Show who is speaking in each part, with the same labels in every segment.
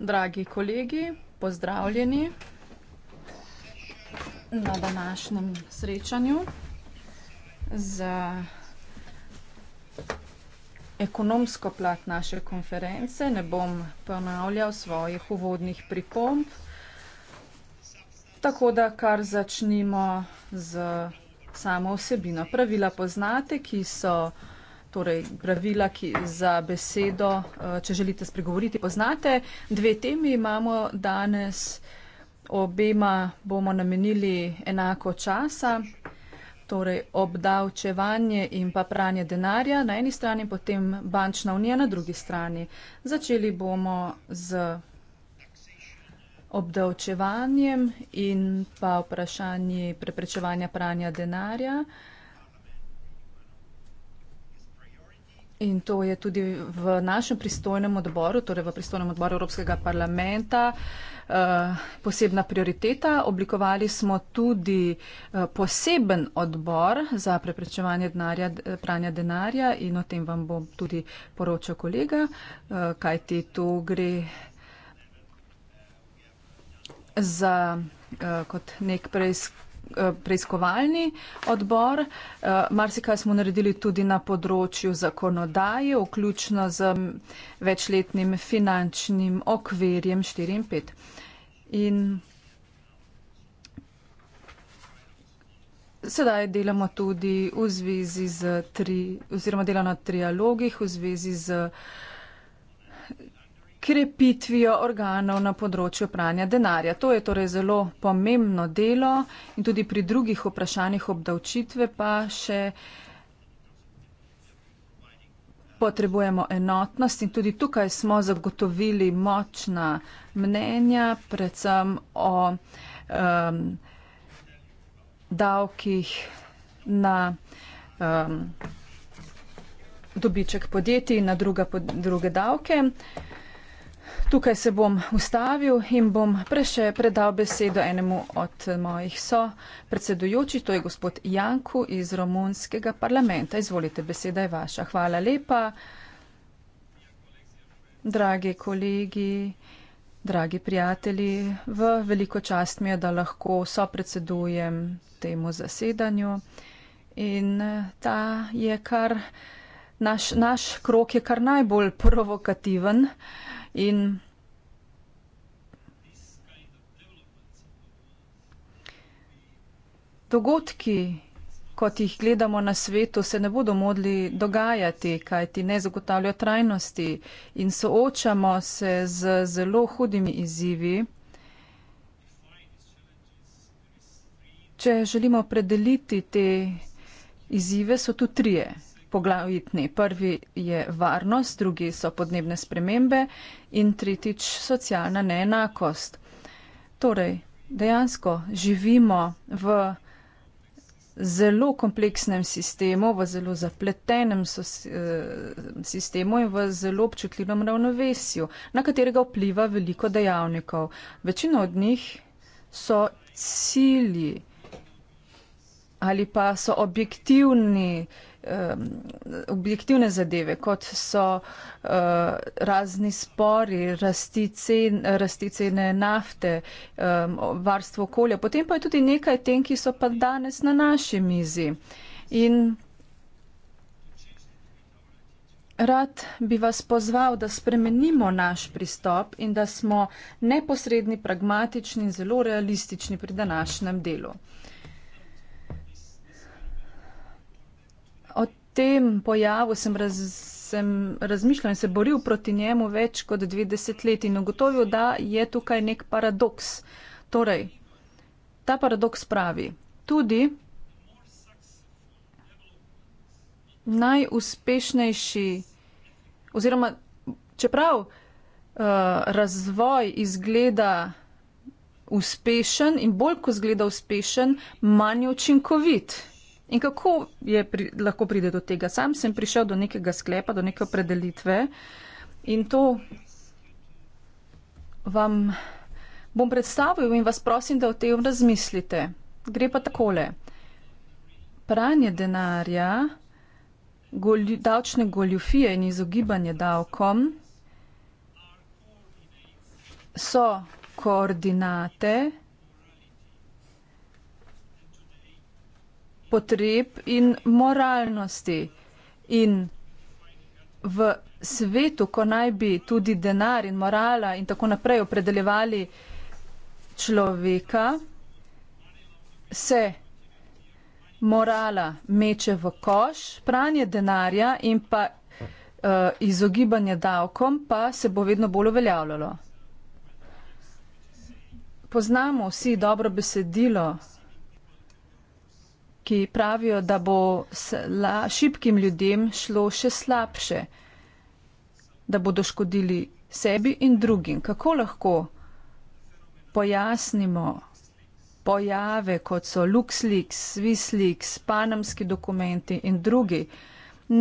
Speaker 1: Dragi kolegi, pozdravljeni na današnjem srečanju z ekonomsko plat naše konference. Ne bom ponavljal svojih uvodnih pripomb. Tako da kar začnimo s samo vsebino. Pravila poznate, ki so torej pravila ki, za besedo, eh, če želite spregovoriti, poznate. Dve temi imamo danes, obema bomo namenili enako časa, torej obdavčevanje in pa pranje denarja na eni strani, potem bančna unija na drugi strani. Začeli bomo z obdavčevanjem in pa vprašanje preprečevanja pranja denarja. Uh, In to je tudi v našem pristojnem odboru, torej v pristojnem odboru Evropskega parlamenta, eh, posebna prioriteta. Oblikovali smo tudi eh, poseben odbor za preprečevanje denarja, pranja denarja in o tem vam bom tudi poročal kolega, eh, kajti tu gre za kot nek preizkus. Eh, preiskovalni odbor. Eh, marsikaj smo naredili tudi na področju zakonodaje, vključno z večletnim finančnim okvirjem 4 in 5. In sedaj delamo tudi v zvezi z tri, oziroma delamo na trialogih v zvezi z. Uh, krepitvijo organov na področju pranja denarja. To je torej zelo pomembno delo in tudi pri drugih vprašanjih obdavčitve pa še potrebujemo enotnost in tudi tukaj smo zagotovili močna mnenja, predvsem o um, davkih na um, dobiček podjetij in na druga, druge davke. Tukaj se bom ustavil in bom preše predal besedo enemu od mojih so predsedujoči, to je gospod Janku iz romunskega parlamenta. Izvolite, beseda je vaša. Hvala lepa. Dragi kolegi, dragi prijatelji, v veliko čast mi je, da lahko so predsedujem temu zasedanju in ta je kar, naš, naš krok je kar najbolj provokativen. Uh, In dogodki, kot jih gledamo na svetu, se ne bodo modli dogajati, kajti ne zagotavljajo trajnosti in soočamo se z zelo hudimi izzivi. Če želimo predeliti te izzive, so tu trije poglavitni. Prvi je varnost, drugi so podnebne spremembe in tretjič socialna neenakost. Torej, dejansko živimo v zelo kompleksnem sistemu, v zelo zapletenem eh, sistemu in v zelo občutljivem ravnovesju, na katerega vpliva veliko dejavnikov. Večina od njih so cilji ali pa so objektivni, um, objektivne zadeve, kot so uh, razni spori, rasti, cen, rasti cene nafte, um, varstvo okolja. Potem pa je tudi nekaj tem, ki so pa danes na naši mizi. In Rad bi vas pozval, da spremenimo naš pristop in da smo neposredni, pragmatični in zelo realistični pri današnjem delu. Uh, tem pojavu sem, raz, sem razmišljal in se boril proti njemu več kot 20 let in ugotovil, da je tukaj nek paradoks. Torej, ta paradoks pravi, tudi najuspešnejši oziroma čeprav uh, razvoj izgleda uspešen in bolj, ko izgleda uspešen, manj učinkovit. In kako je pri, lahko pride do tega? Sam sem prišel do nekega sklepa, do neke opredelitve in to vam bom predstavil in vas prosim, da o tem razmislite. Gre pa takole. Pranje denarja, golj, davčne goljufije in izogibanje davkom so koordinate, potreb in moralnosti. In v svetu, ko naj bi tudi denar in morala in tako naprej opredeljevali človeka, se morala meče v koš, pranje denarja in pa uh, izogibanje davkom pa se bo vedno bolj uveljavljalo. Poznamo vsi dobro besedilo ki pravijo, da bo šibkim ljudem šlo še slabše, da bodo škodili sebi in drugim. Kako lahko pojasnimo pojave, kot so LuxLeaks, SwissLeaks, panamski dokumenti in drugi,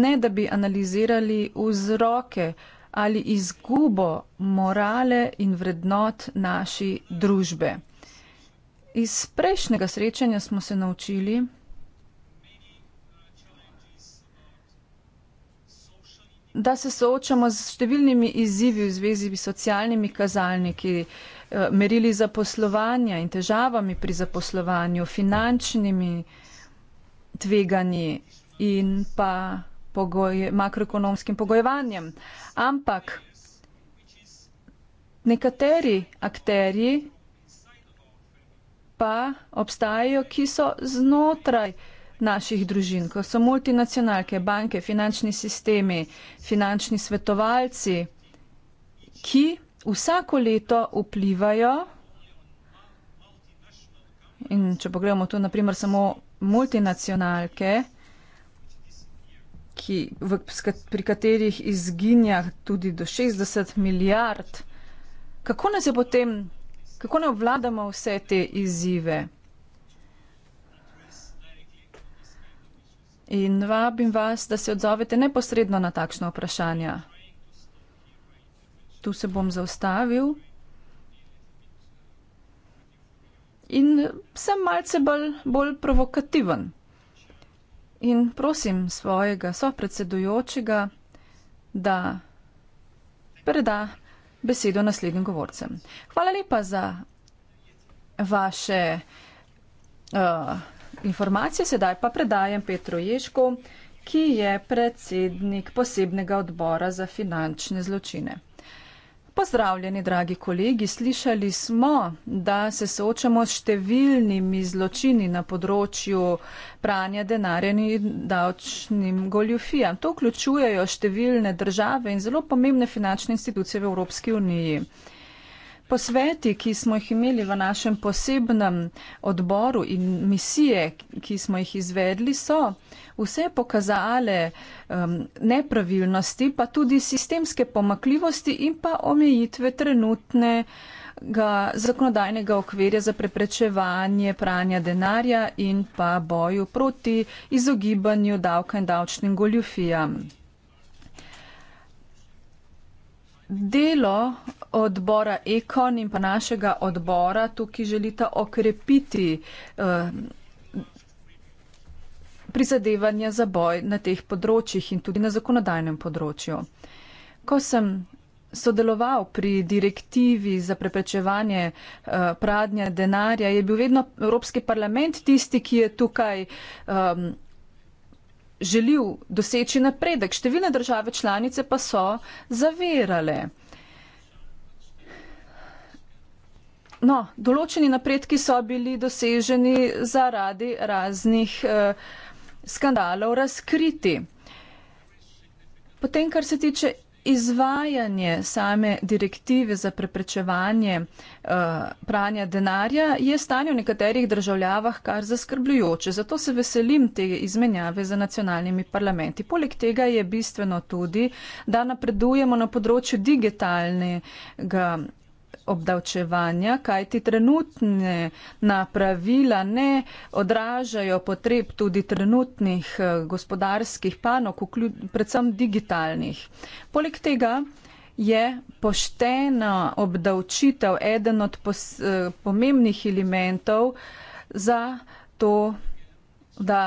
Speaker 1: ne da bi analizirali vzroke ali izgubo morale in vrednot naši družbe. Iz prejšnjega srečanja smo se naučili, da se soočamo z številnimi izzivi v zvezi s socialnimi kazalniki, eh, merili zaposlovanja in težavami pri zaposlovanju, finančnimi tveganji in pa pogoj, makroekonomskim pogojevanjem. Ampak nekateri akteri pa obstajajo, ki so znotraj naših družin, ko so multinacionalke, banke, finančni sistemi, finančni svetovalci, ki vsako leto vplivajo in če pogledamo tu naprimer samo multinacionalke, ki, v, pri katerih izginja tudi do 60 milijard, kako nas je potem, kako ne obvladamo vse te izzive? In vabim vas, da se odzovete neposredno na takšno vprašanje. Tu se bom zaustavil. In sem malce bolj, bolj provokativen. In prosim svojega sopredsedujočega, da preda besedo naslednjim govorcem. Hvala lepa za vaše. Uh, informacije sedaj pa predajem Petru Ješku, ki je predsednik posebnega odbora za finančne zločine. Pozdravljeni, dragi kolegi, slišali smo, da se soočamo s številnimi zločini na področju pranja denarja in davčnim goljufijam. To vključujejo številne države in zelo pomembne finančne institucije v Evropski uniji. Posveti, ki smo jih imeli v našem posebnem odboru in misije, ki smo jih izvedli, so vse pokazale um, nepravilnosti, pa tudi sistemske pomakljivosti in pa omejitve trenutne zakonodajnega okvirja za preprečevanje pranja denarja in pa boju proti izogibanju davka in davčnim goljufijam. Delo odbora Ekon in pa našega odbora tukaj želita okrepiti eh, prizadevanja za boj na teh področjih in tudi na zakonodajnem področju. Ko sem sodeloval pri direktivi za preprečevanje eh, pradnja denarja, je bil vedno Evropski parlament tisti, ki je tukaj eh, želil doseči napredek. Številne države članice pa so zavirale. No, določeni napredki so bili doseženi zaradi raznih eh, skandalov razkriti. Potem, kar se tiče izvajanje same direktive za preprečevanje uh, pranja denarja je stanje v nekaterih državljavah kar zaskrbljujoče. Zato se veselim te izmenjave za nacionalnimi parlamenti. Poleg tega je bistveno tudi, da napredujemo na področju digitalnega obdavčevanja, kajti trenutne napravila ne odražajo potreb tudi trenutnih eh, gospodarskih panok, predvsem digitalnih. Poleg tega je poštena obdavčitev eden od eh, pomembnih elementov za to, da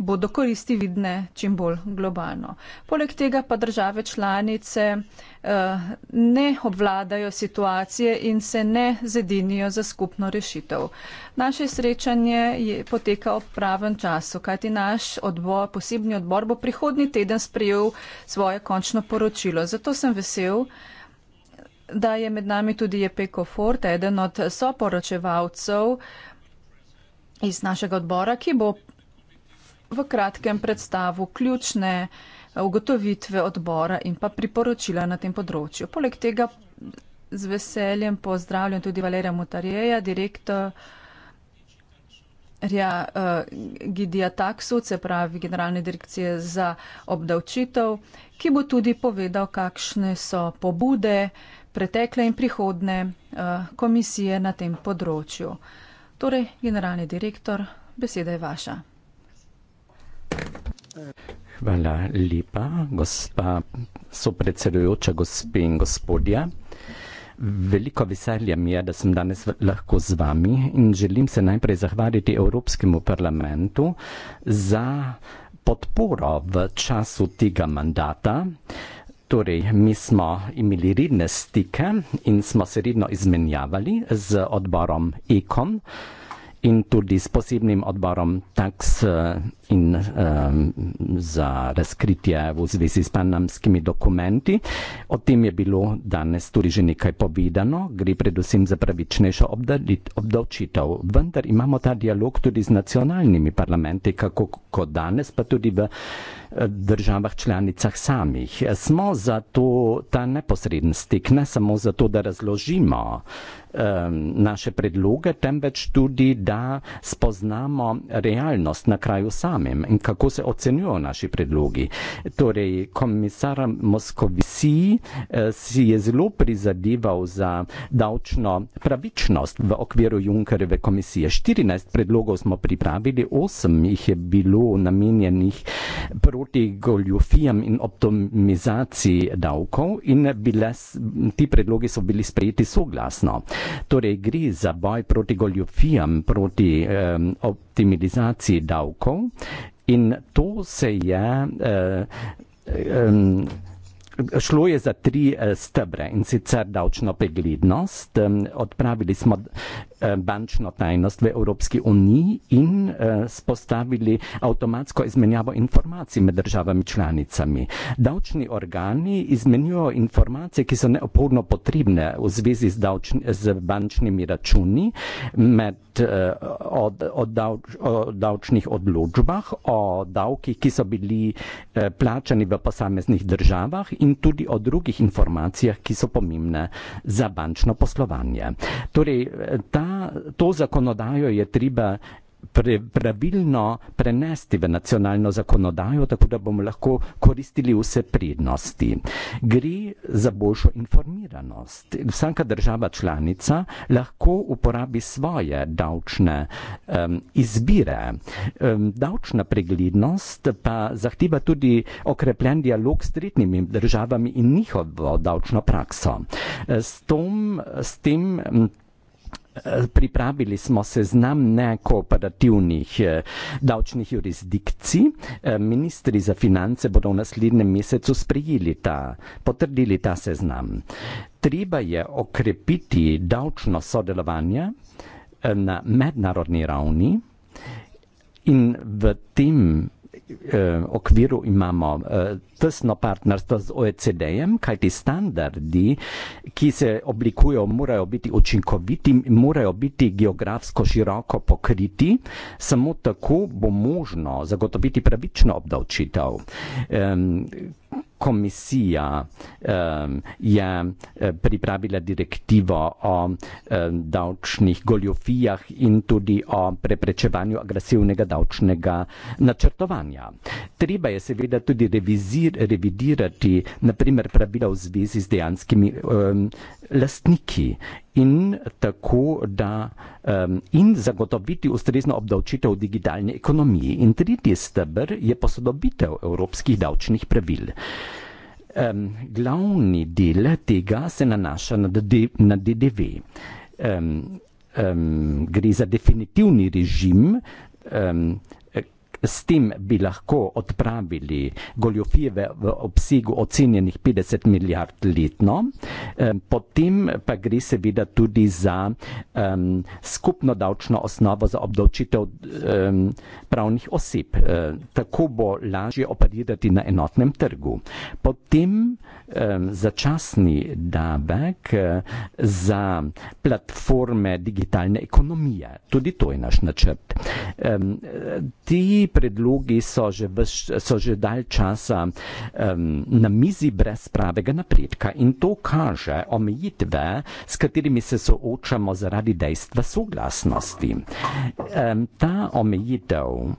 Speaker 1: bodo koristi vidne čim bolj globalno. Poleg tega pa države članice eh, ne obvladajo situacije in se ne zedinijo za skupno rešitev. Naše srečanje je potekalo v pravem času, kajti naš odbor, posebni odbor bo prihodnji teden sprejel svoje končno poročilo. Zato sem vesel, da je med nami tudi Jepeko Ford, eden od soporočevalcev iz našega odbora, ki bo v kratkem predstavil ključne eh, ugotovitve odbora in pa priporočila na tem področju. Poleg tega z veseljem pozdravljam tudi Valerija Mutarjeja, direktor. Ja, eh, Gidija Taksu, se pravi Generalne direkcije za obdavčitev, ki bo tudi povedal, kakšne so pobude pretekle in prihodne eh, komisije na tem področju. Torej, generalni direktor, beseda je vaša.
Speaker 2: Hvala lepa, gospa sopredsedujoča, gospe in gospodja. Veliko veselje mi je, da sem danes lahko z vami in želim se najprej zahvaliti Evropskemu parlamentu za podporo v času tega mandata. Torej, mi smo imeli redne stike in smo se redno izmenjavali z odborom EKOM in tudi s posebnim odborom tax eh, in um, za razkritje v zvezi s panamskimi dokumenti. O tem je bilo danes tudi že nekaj povedano, gre predvsem za pravičnejšo obdavčitev. Vendar imamo ta dialog tudi z nacionalnimi parlamenti, kako kot danes, pa tudi v državah članicah samih. Smo za to, ta neposreden stik, ne samo zato, da razložimo naše predloge, temveč tudi, da spoznamo realnost na kraju samem in kako se ocenjujo naši predlogi. Torej, komisar Moskovisi eh, si je zelo prizadeval za davčno pravičnost v okviru Junkereve komisije. 14 predlogov smo pripravili, 8 jih je bilo namenjenih proti proti goljofijam in optimizaciji davkov in bilas, ti predlogi so bili sprejeti soglasno. Torej gre za boj proti goljofijam, proti um, optimizaciji davkov in to se je. Uh, um, Šlo je za tri eh, stebre in sicer davčno preglednost. Odpravili smo Eh, bančno tajnost v Evropski uniji in eh, spostavili avtomatsko izmenjavo informacij med državami članicami. Davčni organi izmenjujo informacije, ki so neopodno potrebne v zvezi z, davčni, z bančnimi računi med, eh, od, od dav, o davčnih odločbah, o davkih, ki so bili plačani v posameznih državah in tudi o drugih informacijah, ki so pomembne za bančno poslovanje. Torej, ta to zakonodajo je treba pre, pravilno prenesti v nacionalno zakonodajo, tako da bomo lahko koristili vse prednosti. Gre za boljšo informiranost. Vsaka država članica lahko uporabi svoje davčne um, izbire. Um, davčna preglednost pa zahteva tudi okrepljen dialog s tretjimi državami in njihovo davčno prakso. S, tom, s tem. Um, Pripravili smo seznam nekooperativnih eh, davčnih jurisdikcij. Eh, ministri za finance bodo v naslednjem mesecu sprejeli ta, potrdili ta seznam. Treba je okrepiti davčno sodelovanje eh, na mednarodni ravni in v tem eh, okviru imamo eh, tesno partnerstvo z OECD-jem, kajti standardi, ki se oblikujejo, morajo biti učinkoviti, morajo biti geografsko široko pokriti, samo tako bo možno zagotoviti pravično obdavčitev. Eh, komisija um, je eh, pripravila direktivo o um, davčnih goljofijah in tudi o preprečevanju agresivnega davčnega načrtovanja. Treba je seveda tudi revizir, revidirati, naprimer, pravila v zvezi z dejanskimi um, lastniki in tako da um, in zagotoviti ustrezno obdavčitev digitalne ekonomije. In tretji stebr je posodobitev evropskih davčnih pravil. Um, glavni del tega se nanaša na, DD, na DDV. Um, um, gre za definitivni režim. Um, S tem bi lahko odpravili goljofije v obsegu ocenjenih 50 milijard letno, potem pa gre seveda tudi za um, skupno davčno osnovo za obdavčitev um, pravnih oseb. E, tako bo lažje operirati na enotnem trgu. Potem um, začasni davek e, za platforme digitalne ekonomije. Tudi to je naš načrt. Um, predlogi so že, bez, so že dalj časa um, na mizi brez pravega napredka in to kaže omejitve, s katerimi se soočamo zaradi dejstva soglasnosti. Um, ta omejitev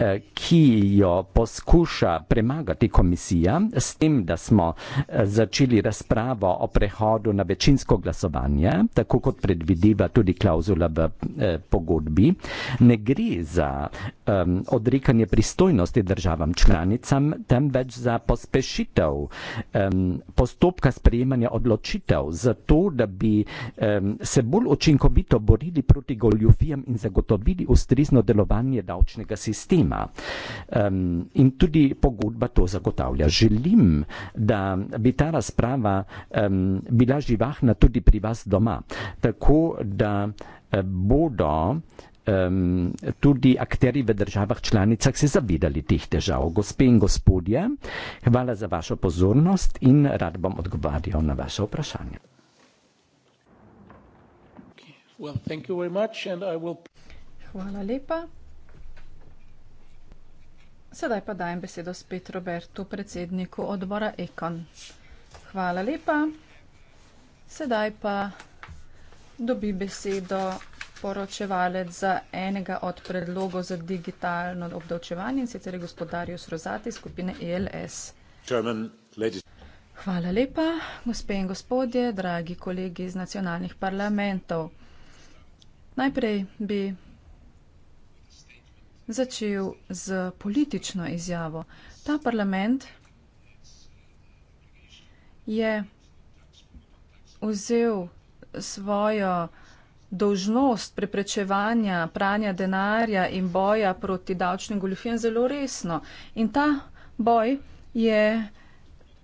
Speaker 2: Eh, ki jo poskuša premagati komisija, s tem, da smo eh, začeli razpravo o prehodu na večinsko glasovanje, tako kot predvideva tudi klauzula v eh, pogodbi, ne gre za um, odrekanje pristojnosti državam članicam, temveč za pospešitev um, postopka sprejemanja odločitev, zato da bi um, se bolj učinkovito borili proti goljufijam in zagotovili ustrezno delovanje davčnega sistema ima. Um, in tudi pogodba to zagotavlja. Želim, da bi ta razprava um, bila živahna tudi pri vas doma, tako da eh, bodo um, tudi akteri v državah članicah se zavedali teh težav. Gospe in gospodje, hvala za vašo pozornost in rad bom odgovarjal na vaše vprašanje.
Speaker 1: Well, thank you very much, and I will. Hvala lepa. Sedaj pa dajem besedo spet Robertu, predsedniku odbora Ekon. Hvala lepa. Sedaj pa dobi besedo poročevalec za enega od predlogov za digitalno obdavčevanje in sicer je gospodarju Srozati skupine ELS. German, Hvala lepa, gospe in gospodje, dragi kolegi iz nacionalnih parlamentov. Najprej bi začel z politično izjavo. Ta parlament je vzel svojo dolžnost preprečevanja pranja denarja in boja proti davčnim goljufijam zelo resno. In ta boj je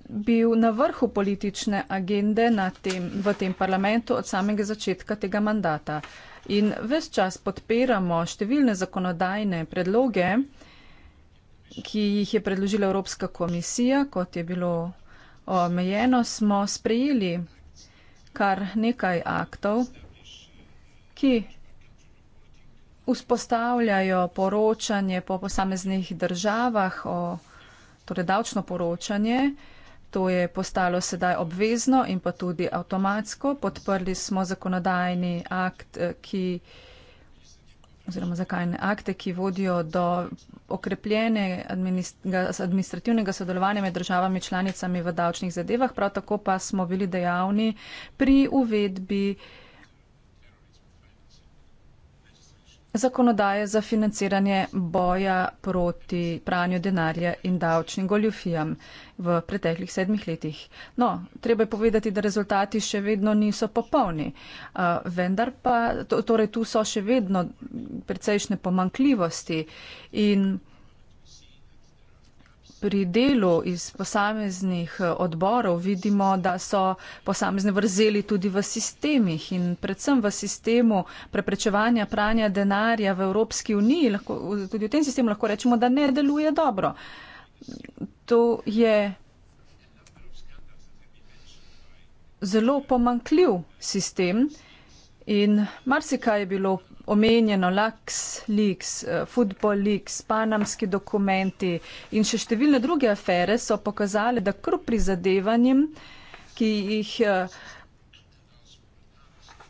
Speaker 1: bil na vrhu politične agende tem, v tem parlamentu od samega začetka tega mandata. In ves čas podpiramo številne zakonodajne predloge, ki jih je predložila Evropska komisija, kot je bilo omejeno, smo sprejeli kar nekaj aktov, ki vzpostavljajo poročanje po posameznih državah, o, torej davčno poročanje, To je postalo sedaj obvezno in pa tudi avtomatsko. Podprli smo zakonodajni akt, eh, ki oziroma zakajne akte, ki vodijo do okrepljene administrativnega sodelovanja med državami članicami v davčnih zadevah. Prav tako pa smo bili dejavni pri uvedbi zakonodaje za financiranje boja proti pranju denarja in davčnim goljufijam v preteklih sedmih letih. No, treba je povedati, da rezultati še vedno niso popolni, vendar pa torej tu so še vedno precejšne pomankljivosti in pri delu iz posameznih eh, odborov vidimo, da so posamezne vrzeli tudi v sistemih in predvsem v sistemu preprečevanja pranja denarja v Evropski uniji. Lahko, tudi v tem sistemu lahko rečemo, da ne deluje dobro. To je zelo pomankljiv sistem in marsikaj je bilo omenjeno Lux, Lux, eh, Football Lux, panamski dokumenti in še številne druge afere so pokazale, da kljub prizadevanjem, ki jih eh,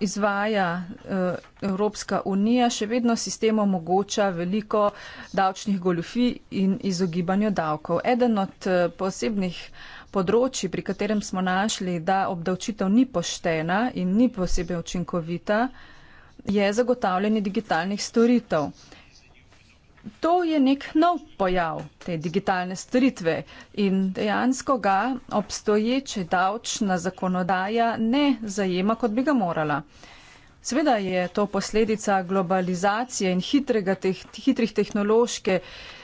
Speaker 1: izvaja eh, Evropska unija, še vedno sistem omogoča veliko davčnih goljufij in izogibanju davkov. Eden od posebnih področji, pri katerem smo našli, da obdavčitev ni poštena in ni posebej učinkovita, je zagotavljanje digitalnih storitev. To je nek nov pojav te digitalne storitve in dejansko ga obstoječe davčna zakonodaja ne zajema, kot bi ga morala. Sveda je to posledica globalizacije in hitrega, te, hitrih, tehnološke,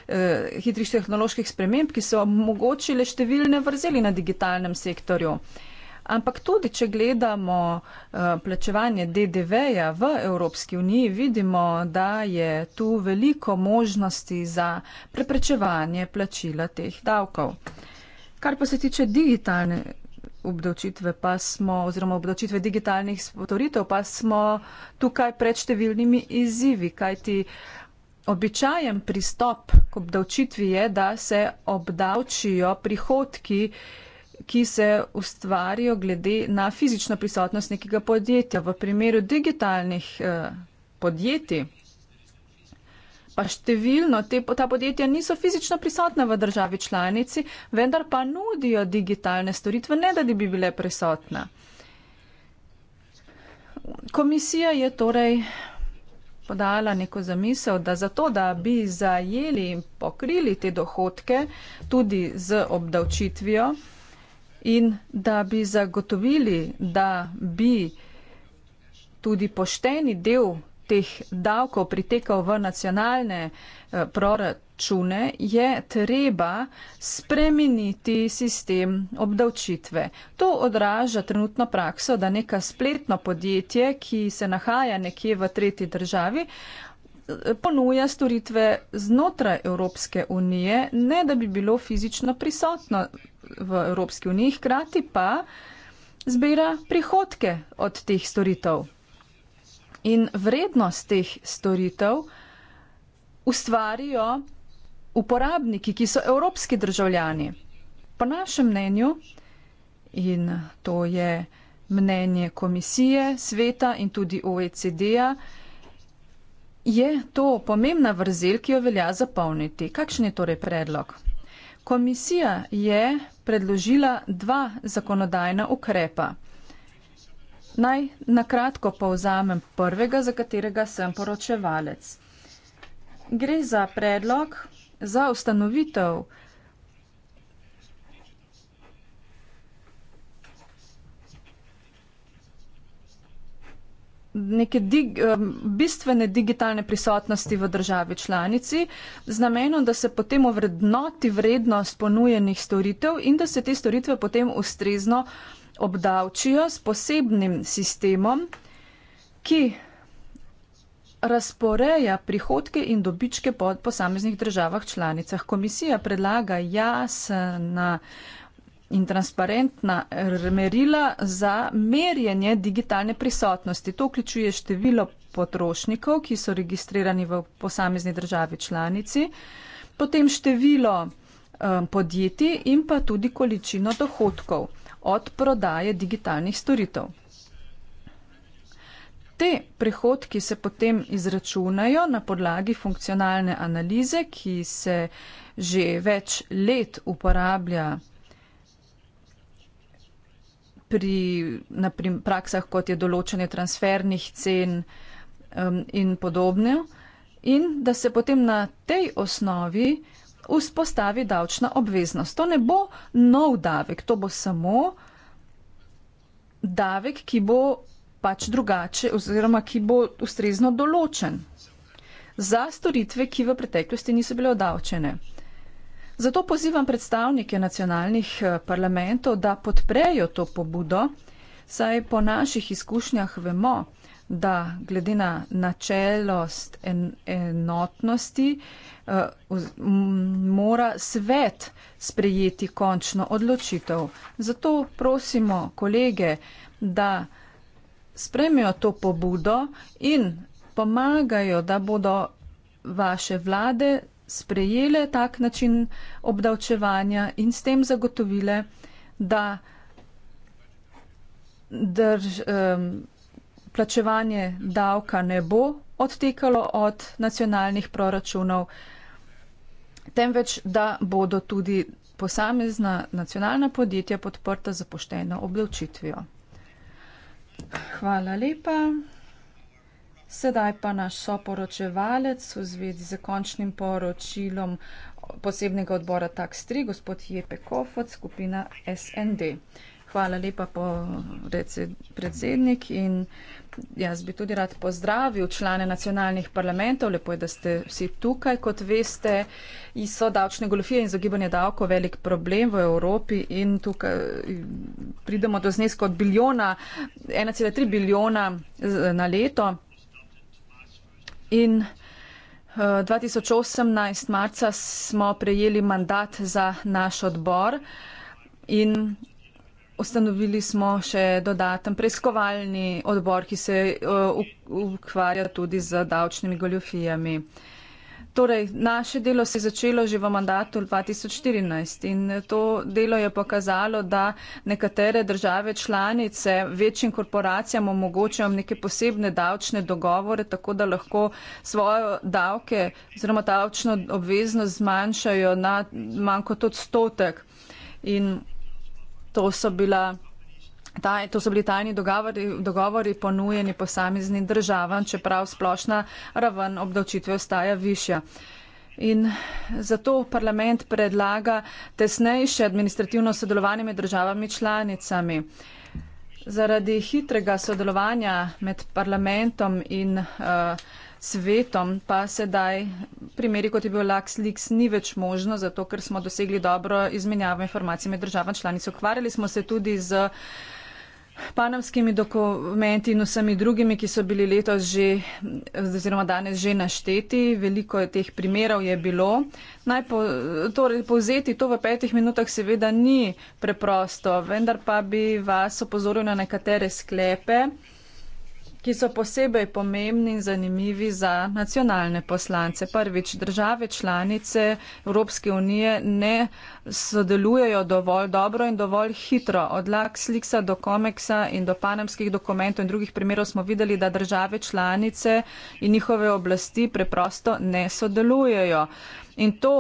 Speaker 1: eh, hitrih tehnoloških sprememb, ki so omogočile številne vrzeli na digitalnem sektorju. Eh, Ampak tudi, če gledamo eh, plačevanje DDV-ja v Evropski uniji, vidimo, da je tu veliko možnosti za preprečevanje plačila teh davkov. Kar pa se tiče digitalne obdavčitve, pa smo, oziroma obdavčitve digitalnih storitev, pa smo tukaj pred številnimi izzivi, kajti običajen pristop k obdavčitvi je, da se obdavčijo prihodki, ki se ustvarijo glede na fizično prisotnost nekega podjetja. V primeru digitalnih eh, podjetij pa številno te, ta podjetja niso fizično prisotna v državi članici, vendar pa nudijo digitalne storitve, ne da bi bile prisotna. Komisija je torej podala neko zamisel, da zato, da bi zajeli in pokrili te dohodke tudi z obdavčitvijo, in da bi zagotovili, da bi tudi pošteni del teh davkov pritekal v nacionalne eh, proračune, je treba spremeniti sistem obdavčitve. To odraža trenutno prakso, da neka spletno podjetje, ki se nahaja nekje v tretji državi, eh, ponuja storitve znotraj Evropske unije, ne da bi bilo fizično prisotno v Evropski uniji, hkrati pa zbira prihodke od teh storitev. In vrednost teh storitev ustvarijo uporabniki, ki so evropski državljani. Po našem mnenju, in to je mnenje komisije, sveta in tudi OECD-a, je to pomembna vrzel, ki jo velja zapolniti. Kakšen je torej predlog? Komisija je predložila dva zakonodajna ukrepa. Naj nakratko povzamem prvega, za katerega sem poročevalec. Gre za predlog za ustanovitev neke dig, eh, bistvene digitalne prisotnosti v državi članici, z namenom, da se potem ovrednoti vrednost ponujenih storitev in da se te storitve potem ustrezno obdavčijo s posebnim sistemom, ki razporeja prihodke in dobičke po posameznih državah članicah. Komisija predlaga jasna in transparentna merila za merjenje digitalne prisotnosti. To vključuje število potrošnikov, ki so registrirani v posamezni državi članici, potem število eh, podjetij in pa tudi količino dohodkov od prodaje digitalnih storitev. Te prihodki se potem izračunajo na podlagi funkcionalne analize, ki se že več let uporablja pri naprim, praksah, kot je določanje transfernih cen um, in podobne, in da se potem na tej osnovi vzpostavi davčna obveznost. To ne bo nov davek, to bo samo davek, ki bo pač drugače oziroma ki bo ustrezno določen za storitve, ki v preteklosti niso bile odavčene. Zato pozivam predstavnike nacionalnih eh, parlamentov, da podprejo to pobudo, saj po naših izkušnjah vemo, da glede na načelost en, enotnosti uh, eh, oz, m, mora svet sprejeti končno odločitev. Zato prosimo kolege, da spremijo to pobudo in pomagajo, da bodo vaše vlade sprejele tak način obdavčevanja in s tem zagotovile, da drž, um, plačevanje davka ne bo odtekalo od nacionalnih proračunov, temveč da bodo tudi posamezna nacionalna podjetja podprta za pošteno obdavčitvijo. Hvala lepa. Sedaj pa naš soporočevalec v zvezi z končnim poročilom posebnega odbora Tax3, gospod Jepe Kofod, skupina SND. Hvala lepa, predsednik. In jaz bi tudi rad pozdravil člane nacionalnih parlamentov. Lepo je, da ste vsi tukaj. Kot veste, so davčne golfije in zagibanje davko velik problem v Evropi in tukaj pridemo do zneska od biliona, 1,3 biliona na leto in 2018 eh, marca smo prejeli mandat za naš odbor in ustanovili smo še dodaten preiskovalni odbor, ki se eh, ukvarja tudi z davčnimi goljofijami. Torej, naše delo se je začelo že v mandatu 2014 in to delo je pokazalo, da nekatere države članice večjim korporacijam omogočajo neke posebne davčne dogovore, tako da lahko svoje davke oziroma davčno obveznost zmanjšajo na manj kot odstotek. In to so bila Ta, to so bili tajni dogovori, dogovori ponujeni posameznim državam, čeprav splošna raven obdavčitve ostaja višja. In zato parlament predlaga tesnejše administrativno sodelovanje med državami članicami. Zaradi hitrega sodelovanja med parlamentom in uh, svetom pa sedaj primeri, kot je bil LaxLix, ni več možno, zato ker smo dosegli dobro izmenjavo informacij med državami članicami. Ukvarjali smo se tudi z uh, panamskimi dokumenti in vsemi drugimi, ki so bili letos že, oziroma danes že našteti. Veliko teh primerov je bilo. Naj po, torej, povzeti to v petih minutah seveda ni preprosto, vendar pa bi vas opozoril na nekatere sklepe ki so posebej pomembni in zanimivi za nacionalne poslance. Prvič, države članice Evropske unije ne sodelujejo dovolj dobro in dovolj hitro. Od Laksliksa do Komeksa in do panamskih dokumentov in drugih primerov smo videli, da države članice in njihove oblasti preprosto ne sodelujejo. In to,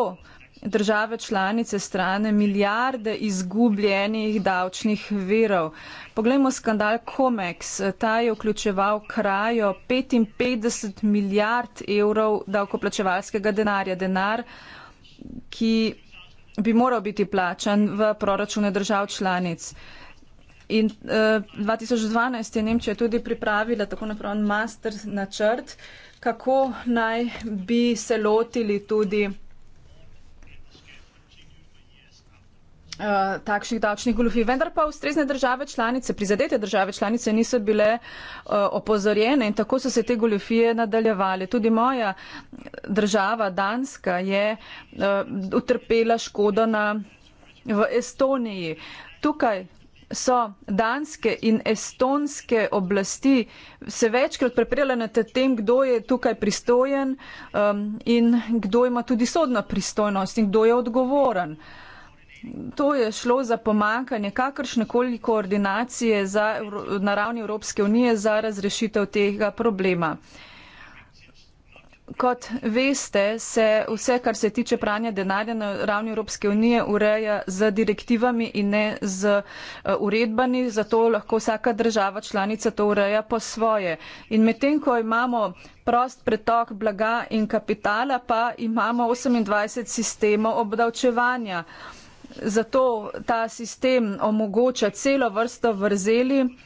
Speaker 1: države članice strane milijarde izgubljenih davčnih verov. Poglejmo skandal COMEX. Ta je vključeval krajo 55 milijard evrov davkoplačevalskega denarja. Denar, ki bi moral biti plačan v proračune držav članic. In eh, 2012 je Nemčija tudi pripravila tako napravljen master načrt, kako naj bi se lotili tudi uh, takšnih davčnih goljufij. Vendar pa ustrezne države članice, prizadete države članice niso bile uh, opozorjene in tako so se te goljufije nadaljevale. Tudi moja država, Danska, je uh, utrpela škodo na, v Estoniji. Tukaj so danske in estonske oblasti se večkrat preprele na tem, kdo je tukaj pristojen um, in kdo ima tudi sodno pristojnost in kdo je odgovoren. Uh, To je šlo za pomankanje kakršne koli koordinacije za, na ravni Evropske unije za razrešitev tega problema. Kot veste, se vse, kar se tiče pranja denarja na ravni Evropske unije, ureja z direktivami in ne z eh, uredbami, zato lahko vsaka država članica to ureja po svoje. In medtem, ko imamo prost pretok blaga in kapitala, pa imamo 28 sistemov obdavčevanja zato ta sistem omogoča celo vrsto vrzeli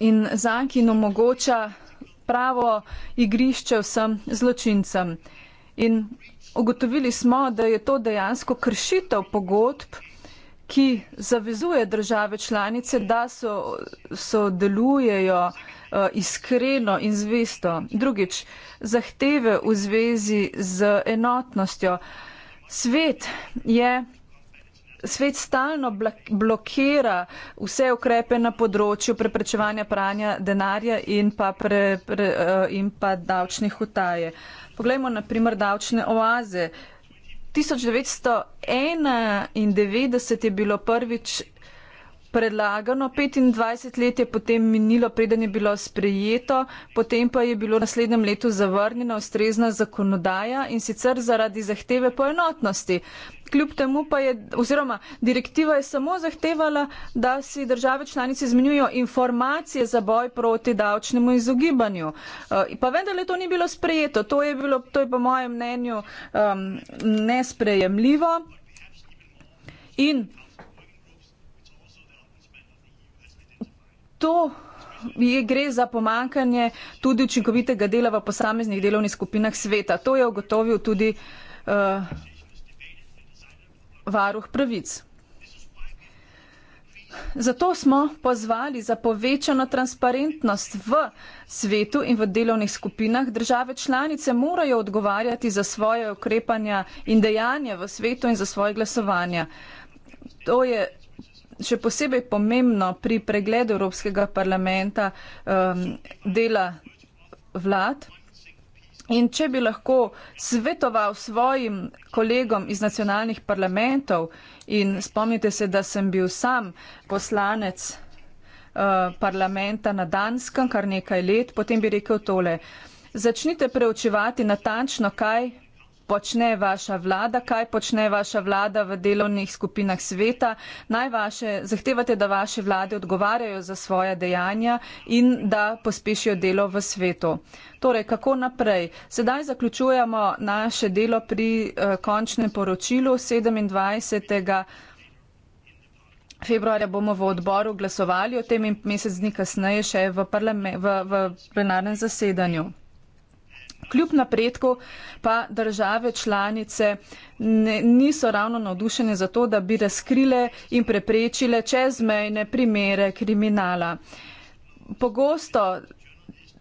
Speaker 1: in zankin omogoča pravo igrišče vsem zločincem. In ugotovili smo, da je to dejansko kršitev pogodb, ki zavezuje države članice, da so, so delujejo eh, iskreno in zvesto. Drugič, zahteve v zvezi z enotnostjo. Svet je. Svet stalno blokira vse ukrepe na področju preprečevanja pranja denarja in pa, pre, pre, eh, in pa davčnih utaje. Poglejmo na primer davčne oaze. 1991 je bilo prvič predlagano. 25 let je potem minilo, preden je bilo sprejeto, potem pa je bilo v naslednjem letu zavrnjena ustrezna zakonodaja in sicer zaradi zahteve po enotnosti. Kljub temu pa je, oziroma direktiva je samo zahtevala, da si države članice izmenjujo informacije za boj proti davčnemu izogibanju. Eh, pa vendar le to ni bilo sprejeto. To je bilo, to je po mojem mnenju, um, nesprejemljivo. In to je, gre za pomankanje tudi učinkovitega dela v posameznih delovnih skupinah sveta. To je ugotovil tudi uh, varuh pravic. Zato smo pozvali za povečano transparentnost v svetu in v delovnih skupinah. Države članice morajo odgovarjati za svoje ukrepanja in dejanja v svetu in za svoje glasovanja. To je še posebej pomembno pri pregledu Evropskega parlamenta um, dela vlad. In če bi lahko svetoval svojim kolegom iz nacionalnih parlamentov in spomnite se, da sem bil sam poslanec uh, parlamenta na Danskem kar nekaj let, potem bi rekel tole. Začnite preučevati natančno, kaj počne vaša vlada, kaj počne vaša vlada v delovnih skupinah sveta. Vaše, zahtevate, da vaše vlade odgovarjajo za svoje dejanja in da pospešijo delo v svetu. Torej, kako naprej? Sedaj zaključujemo naše delo pri uh, končnem poročilu 27. Februarja bomo v odboru glasovali o tem in mesec dni kasneje še v, v, v plenarnem zasedanju kljub napredku pa države članice ne, niso ravno navdušene za to, da bi razkrile in preprečile čezmejne primere kriminala. Pogosto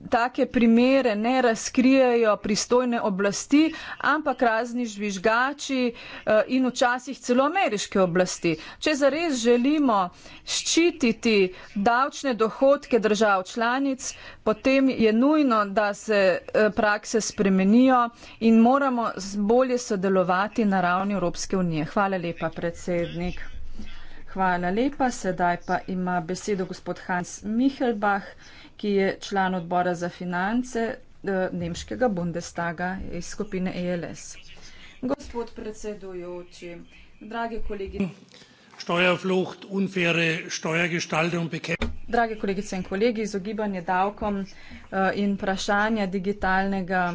Speaker 1: take primere ne razkrijejo pristojne oblasti, ampak razni žvižgači eh, in včasih celo ameriške oblasti. Če zares želimo ščititi davčne dohodke držav članic, potem je nujno, da se eh, prakse spremenijo in moramo bolje sodelovati na ravni Evropske unije. Hvala lepa, predsednik. Hvala lepa. Sedaj pa ima besedo gospod Hans Michelbach ki je član odbora za finance eh, nemškega Bundestaga iz skupine ELS. Gospod predsedujoči, drage kolegi. Steuerflucht, unfaire Steuergestaltung bekämpfen. Drage kolegice in kolegi, izogibanje davkom eh, in vprašanja digitalnega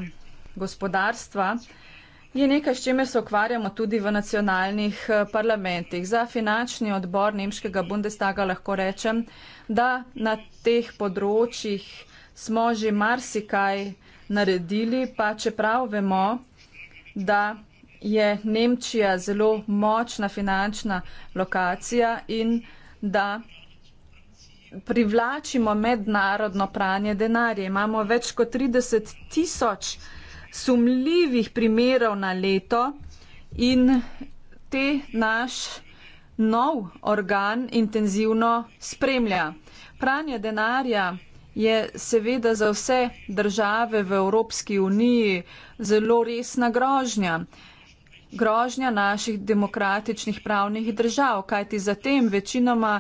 Speaker 1: gospodarstva je nekaj, s čimer se ukvarjamo tudi v nacionalnih eh, parlamentih. Za finančni odbor Nemškega Bundestaga lahko rečem, da na teh področjih smo že marsikaj naredili, pa čeprav vemo, da je Nemčija zelo močna finančna lokacija in da privlačimo mednarodno pranje denarja. Imamo več kot 30 tisoč sumljivih primerov na leto in te naš nov organ intenzivno spremlja. Pranje denarja je seveda za vse države v Evropski uniji zelo resna grožnja. Grožnja naših demokratičnih pravnih držav, kajti za tem večinoma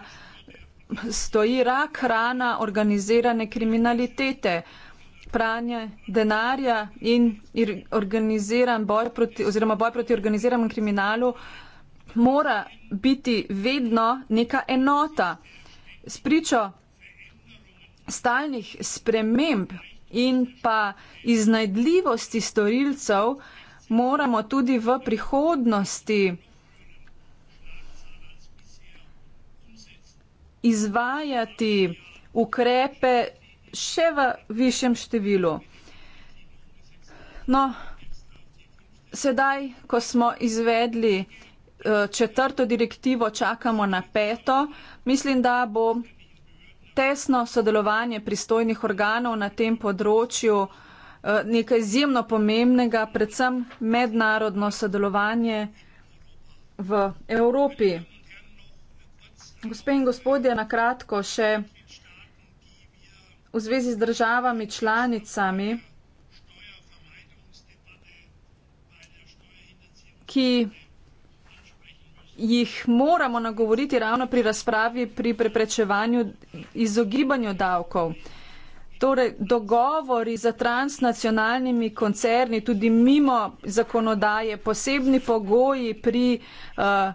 Speaker 1: stoji rak hrana organizirane kriminalitete pranje denarja in organiziran boj proti, oziroma boj proti organiziranemu kriminalu, mora biti vedno neka enota. Spričo stalnih sprememb in pa iznajdljivosti storilcev moramo tudi v prihodnosti izvajati ukrepe še v višjem številu. No, sedaj, ko smo izvedli eh, četrto direktivo, čakamo na peto, mislim, da bo tesno sodelovanje pristojnih organov na tem področju eh, nekaj izjemno pomembnega, predvsem mednarodno sodelovanje v Evropi. Gospe in gospodje, na kratko še v zvezi z državami članicami, ki jih moramo nagovoriti ravno pri razpravi pri preprečevanju izogibanju davkov. Torej, dogovori za transnacionalnimi koncerni, tudi mimo zakonodaje, posebni pogoji pri uh,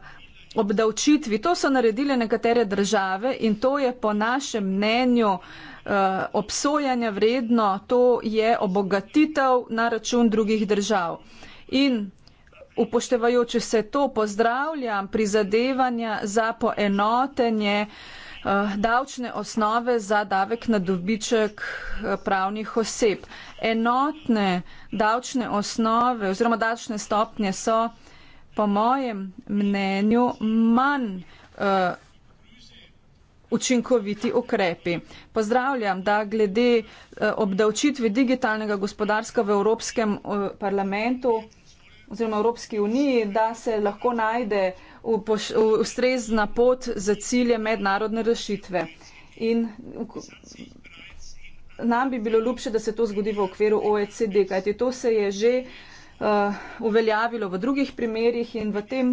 Speaker 1: obdavčitvi, to so naredile nekatere države in to je po našem mnenju uh, Eh, obsojanja vredno, to je obogatitev na račun drugih držav. In upoštevajoče se to, pozdravljam prizadevanja za poenotenje eh, davčne osnove za davek na dobiček eh, pravnih oseb. Enotne davčne osnove oziroma davčne stopnje so po mojem mnenju manj učinkoviti ukrepi. Pozdravljam, da glede eh, obdavčitve digitalnega gospodarstva v Evropskem eh, parlamentu oziroma Evropski uniji, da se lahko najde ustrezna pot za cilje mednarodne rešitve. In nam bi bilo ljubše, da se to zgodi v okviru OECD, kajti to se je že uh, uveljavilo v drugih primerjih in v tem,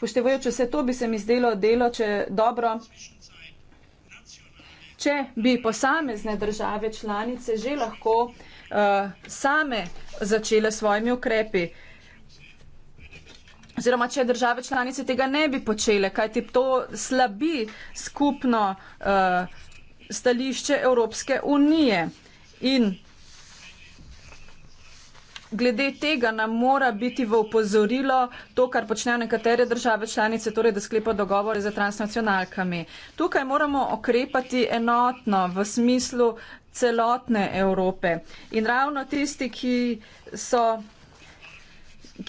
Speaker 1: poštevajoče vse to, bi se mi zdelo delo, če dobro če bi posamezne države članice že lahko uh, same začele svojimi ukrepi. Oziroma, če države članice tega ne bi počele, kajti to slabi skupno uh, stališče Evropske unije. In glede tega nam mora biti v upozorilo to, kar počnejo nekatere države članice, torej da sklepa dogovore za transnacionalkami. Tukaj moramo okrepati enotno v smislu celotne Evrope. In ravno tisti, ki so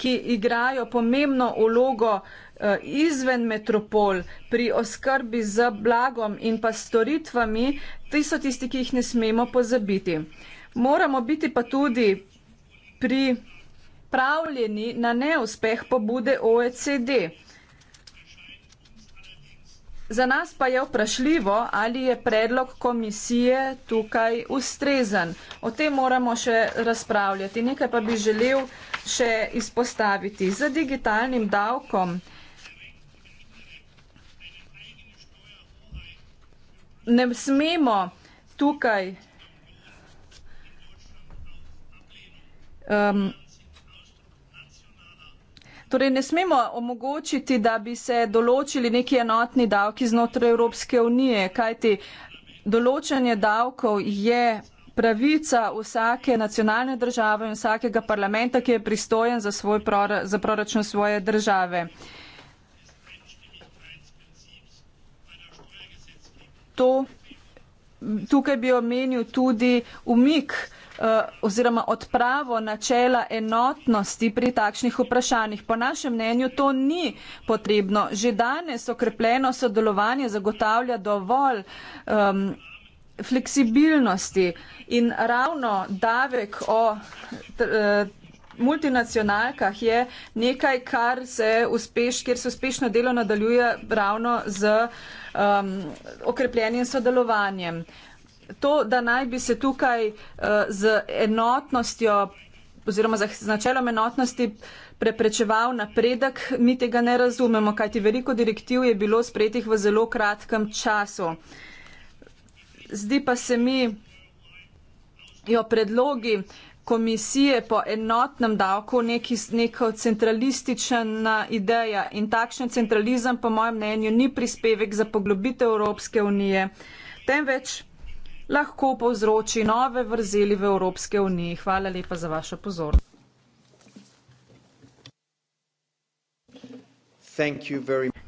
Speaker 1: ki igrajo pomembno ulogo eh, izven metropol pri oskrbi z blagom in pa storitvami, ti so tisti, ki jih ne smemo pozabiti. Moramo biti pa tudi pri pravljeni na neuspeh pobude OECD. Za nas pa je vprašljivo, ali je predlog komisije tukaj ustrezen. O tem moramo še razpravljati. Nekaj pa bi želel še izpostaviti. Za digitalnim davkom ne smemo tukaj Um, torej ne smemo omogočiti, da bi se določili neki enotni davki znotraj Evropske unije, kajti določanje davkov je pravica vsake nacionalne države in vsakega parlamenta, ki je pristojen za, svoj prora, za proračun svoje države. To, tukaj bi omenil tudi umik Eh, oziroma odpravo načela enotnosti pri takšnih vprašanjih. Po našem mnenju to ni potrebno. Že danes okrepljeno sodelovanje zagotavlja dovolj um, fleksibilnosti in ravno davek o. Eh, multinacionalkah je nekaj, kar se uspeš, kjer se uspešno delo nadaljuje ravno z um, okrepljenim sodelovanjem. Uh, to, da naj bi se tukaj uh, z enotnostjo oziroma z načelom enotnosti preprečeval napredek, mi tega ne razumemo, kajti veliko direktiv je bilo sprejetih v zelo kratkem času. Zdi pa se mi, jo predlogi komisije po enotnem davku neki, neko centralistična ideja in takšen centralizem, po mojem mnenju, ni prispevek za poglobitev Evropske unije, temveč lahko povzroči nove vrzeli v Evropske uniji. Hvala lepa za vašo pozornost.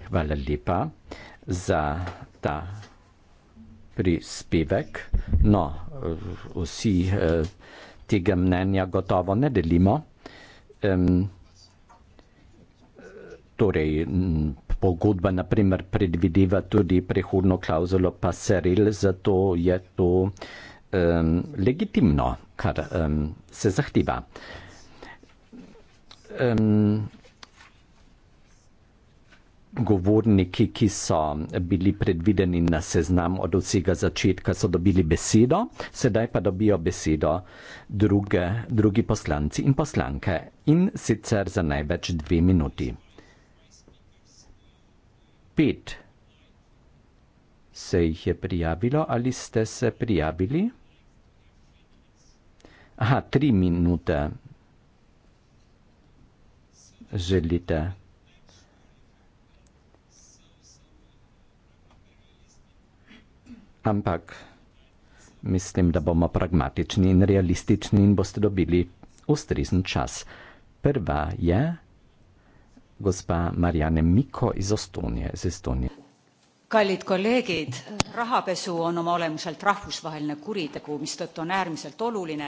Speaker 2: Hvala lepa za ta prispevek. No, vsi eh, tega mnenja gotovo ne delimo. Torej, pogodba naprimer predvideva tudi prehodno klauzulo pasaril, zato je to um, legitimno, kar um, se zahteva. Um, govorniki, ki so bili predvideni na seznam od vsega začetka, so dobili besedo, sedaj pa dobijo besedo druge, drugi poslanci in poslanke in sicer za največ dve minuti pet se jih je prijavilo, ali ste se prijavili? Aha, tri minute želite. Ampak mislim, da bomo pragmatični in realistični in boste dobili ustrezen čas. Prva je gospa Marianne Mikko iz Estonije, iz Estonije.
Speaker 3: kallid kolleegid, rahapesu on oma olemuselt rahvusvaheline kuritegu,
Speaker 1: mistõttu on äärmiselt oluline.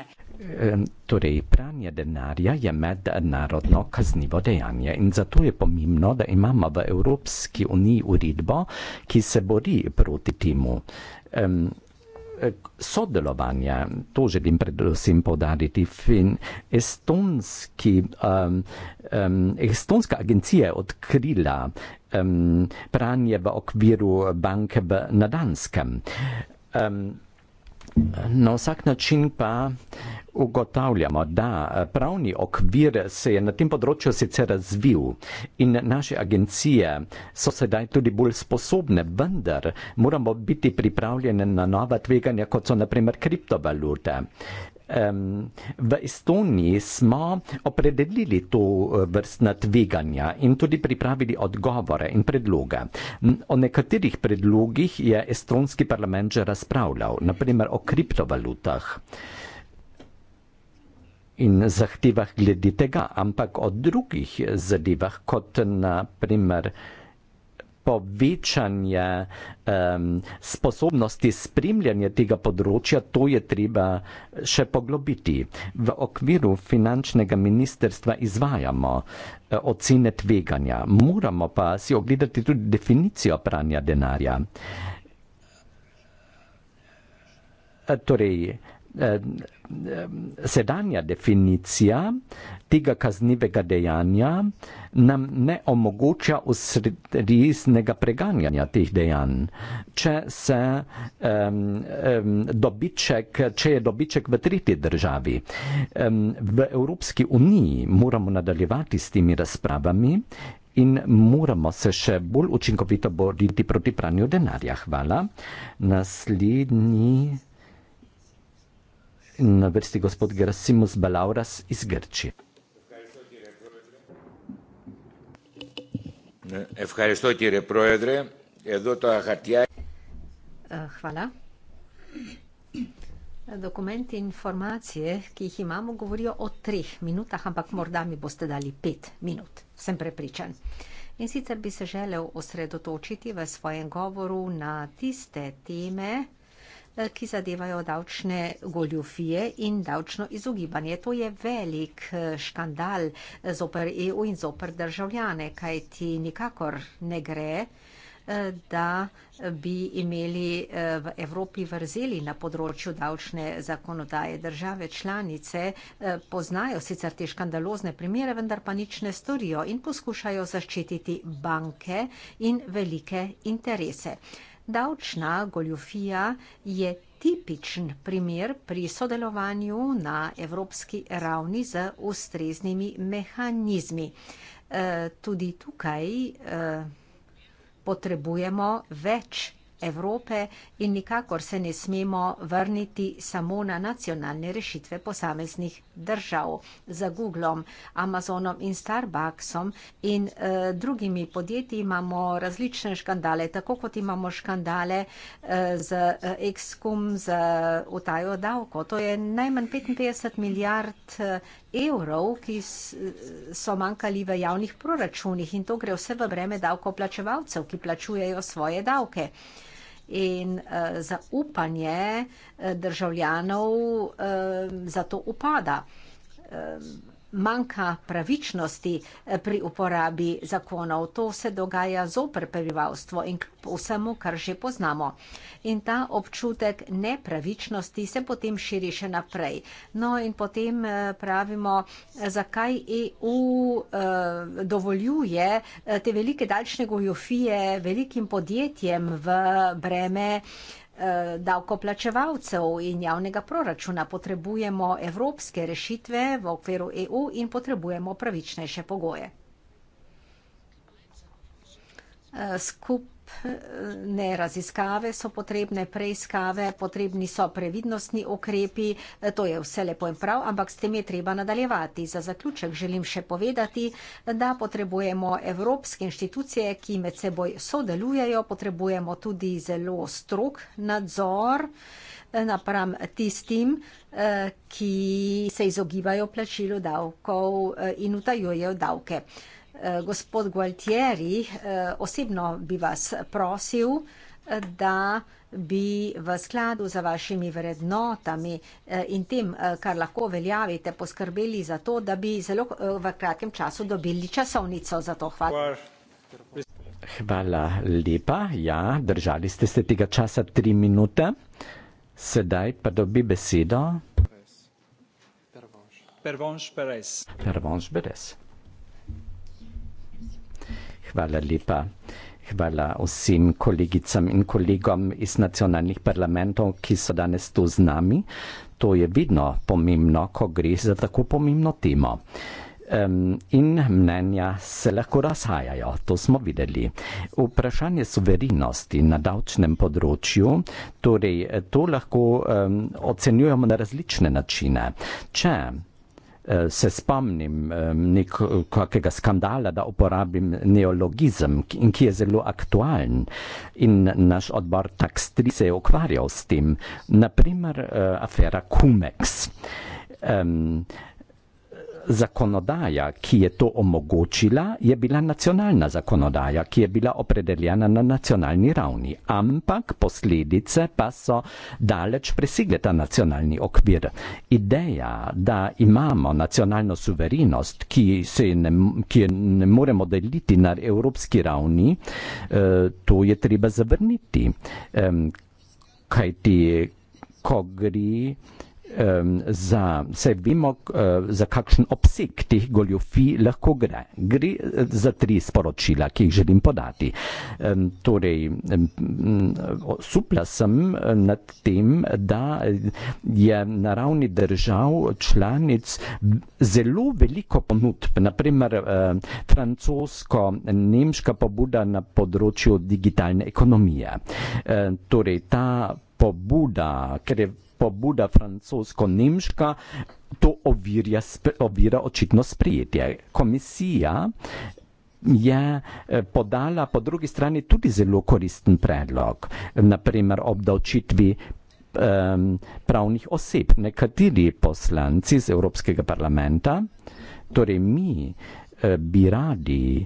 Speaker 2: Torej, pranje denarja je mednarodno kaznivo dejanje in zato je pomembno, da imamo v Evropski uniji uredbo, ki se bori proti temu. Um, sodelovanja, to želim predvsem podariti, fin, estonski, um, um, estonska agencija je odkrila um, pranje v okviru banke na Danskem. Um, Na vsak način pa ugotavljamo, da pravni okvir se je na tem področju sicer razvil in naše agencije so sedaj tudi bolj sposobne, vendar moramo biti pripravljene na nova tveganja, kot so naprimer kriptovalute um, v Estoniji smo opredelili to eh, vrstna tveganja in tudi pripravili odgovore in predloge. O nekaterih predlogih je estonski parlament že razpravljal, naprimer o kriptovalutah in zahtevah glede tega, ampak o drugih zadevah, kot naprimer povečanje um, sposobnosti spremljanja tega področja, to je treba še poglobiti. V okviru finančnega ministerstva izvajamo uh, ocene tveganja, moramo pa si ogledati tudi definicijo pranja denarja. Uh, torej, uh, sedanja definicija tega kaznivega dejanja nam ne omogoča ustreznega preganjanja teh dejanj. Če, se, um, um, dobiček, če je dobiček v tretji državi, um, v Evropski uniji moramo nadaljevati s temi razpravami in moramo se še bolj učinkovito boriti proti pranju denarja. Hvala. Naslednji na vrsti gospod Gerasimus Balauras iz Grčije.
Speaker 3: Eh, hvala. Dokumenti in informacije, ki jih imamo, govorijo o treh minutah, ampak morda mi boste dali pet minut. Sem prepričan. In sicer bi se želel osredotočiti v svojem govoru na tiste teme, Eh, ki zadevajo davčne goljofije in davčno izogibanje. To je velik eh, škandal eh, zoper EU in zoper državljane, kaj ti nikakor ne gre da bi imeli v Evropi vrzeli na področju davčne zakonodaje. Države članice poznajo sicer te škandalozne primere, vendar pa nič ne storijo in poskušajo zaščititi banke in velike interese. Davčna goljofija je tipičen primer pri sodelovanju na evropski ravni z ustreznimi mehanizmi. Eh, tudi tukaj eh, potrebujemo več Evrope in nikakor se ne smemo vrniti samo na nacionalne rešitve posameznih držav. Za Googlom, Amazonom in Starbucksom in eh, drugimi podjetji imamo različne škandale, tako kot imamo škandale eh, z eh, Excom, z utajo davko. To je najmanj 55 milijard eh, evrov, ki eh, so manjkali v javnih proračunih in to gre vse v breme davkoplačevalcev, ki plačujejo svoje davke in uh, zaupanje eh, državljanov uh, eh, zato upada. Uh, manjka pravičnosti eh, pri uporabi zakonov. To se dogaja zoper prebivalstvo in vsemu, kar že poznamo. In ta občutek nepravičnosti se potem širi še naprej. No in potem eh, pravimo, eh, zakaj EU dovoljuje te velike dalčne gojofije velikim podjetjem v breme Eh, davkoplačevalcev in javnega proračuna, potrebujemo evropske rešitve v okviru EU in potrebujemo pravičnejše pogoje. Eh, Skupaj ne raziskave so potrebne, preiskave, potrebni so previdnostni ukrepi, e, to je vse lepo in prav, ampak s tem je treba nadaljevati. Za zaključek želim še povedati, da potrebujemo evropske inštitucije, ki med seboj sodelujejo, potrebujemo tudi zelo strok nadzor e, napram tistim, e, ki se izogibajo plačilu davkov in utajujejo davke. Eh, gospod Gualtieri, eh, osebno bi vas prosil, da bi v skladu za vašimi vrednotami eh, in tem, kar lahko veljavite, poskrbeli za to, da bi zelo v kratkem času dobili časovnico za to. Hvala.
Speaker 2: Hvala lepa. Ja, držali ste se tega časa tri minute. Sedaj pa dobi besedo. Pervonš Perez. Pervonš Perez. Pervonš Perez. Hvala lepa. Hvala vsem kolegicam in kolegom iz nacionalnih parlamentov, ki so danes tu z nami. To je vedno pomembno, ko gre za tako pomembno temo. Um, in mnenja se lahko razhajajo, to smo videli. Vprašanje suverenosti na davčnem področju, torej to lahko um, ocenjujemo na različne načine. Če Eh, se spomnim nekega skandala, da uporabim neologizem in ki je zelo aktualen in naš odbor takstri se je ukvarjal s tem, naprimer eh, afera Cumex. Um, zakonodaja, ki je to omogočila, je bila nacionalna zakonodaja, ki je bila opredeljena na nacionalni ravni, ampak posledice pa so daleč presegle ta nacionalni okvir. Ideja, da imamo nacionalno suverenost, ki, ki je ne moremo deliti na evropski ravni, eh, to je treba zavrniti. Kaj ti, ko gre? um, za, vse vemo, uh, za kakšen obseg teh goljofij lahko gre. Gre eh, za tri sporočila, ki jih želim podati. Um, torej, um, supla sem eh, nad tem, da je na ravni držav članic zelo veliko ponudb, naprimer uh, francosko-nemška pobuda na področju digitalne ekonomije. Uh, torej, ta pobuda, ker je pobuda francosko-nemška, to ovirja, ovira očitno sprejetje. Komisija je eh, podala po drugi strani tudi zelo koristen predlog, naprimer ob davčitvi pravnih oseb. Nekateri poslanci z Evropskega parlamenta, torej mi, eh, bi radi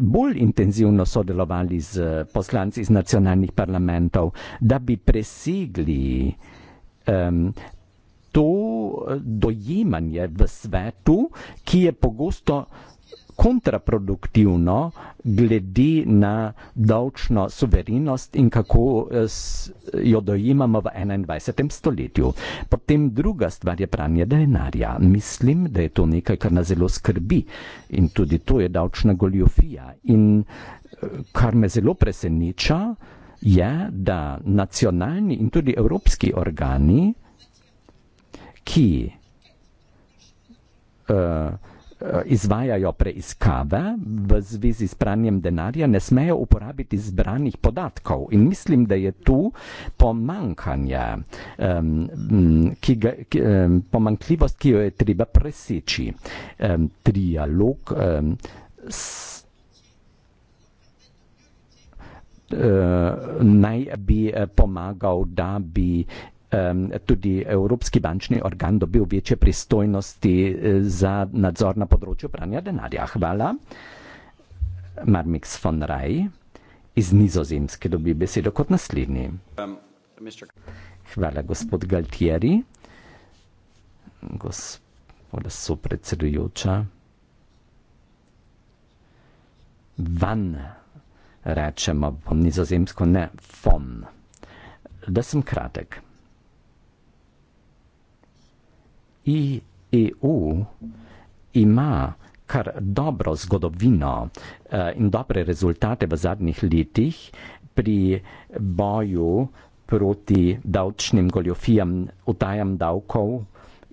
Speaker 2: bolj intenzivno sodelovali z poslanci iz nacionalnih parlamentov, da bi presegli um, to dojemanje v svetu, ki je pogosto kontraproduktivno glede na davčno suverenost in kako eh, jo dojemamo v 21. stoletju. Potem druga stvar je pranje denarja. Mislim, da je to nekaj, kar nas zelo skrbi in tudi to je davčna goljofija. In eh, kar me zelo preseneča, je, da nacionalni in tudi evropski organi, ki uh, Eh, izvajajo preiskave v zvezi s pranjem denarja, ne smejo uporabiti zbranih podatkov. In mislim, da je tu pomankanje, um, ki ga, ki, um, pomankljivost, ki jo je treba preseči. Um, trialog um, s. Uh, naj bi uh, pomagal, da bi um, tudi Evropski bančni organ dobil večje pristojnosti eh, za nadzor na področju pranja denarja. Hvala. Marmix von Rij iz Nizozemske dobi besedo kot naslednji. Hvala, gospod Galtieri. Gospoda sopredsedujoča. Van rečemo po nizozemsko, ne von. Da sem kratek. EU ima kar dobro zgodovino eh, in dobre rezultate v zadnjih letih pri boju proti davčnim goljofijam, utajam davkov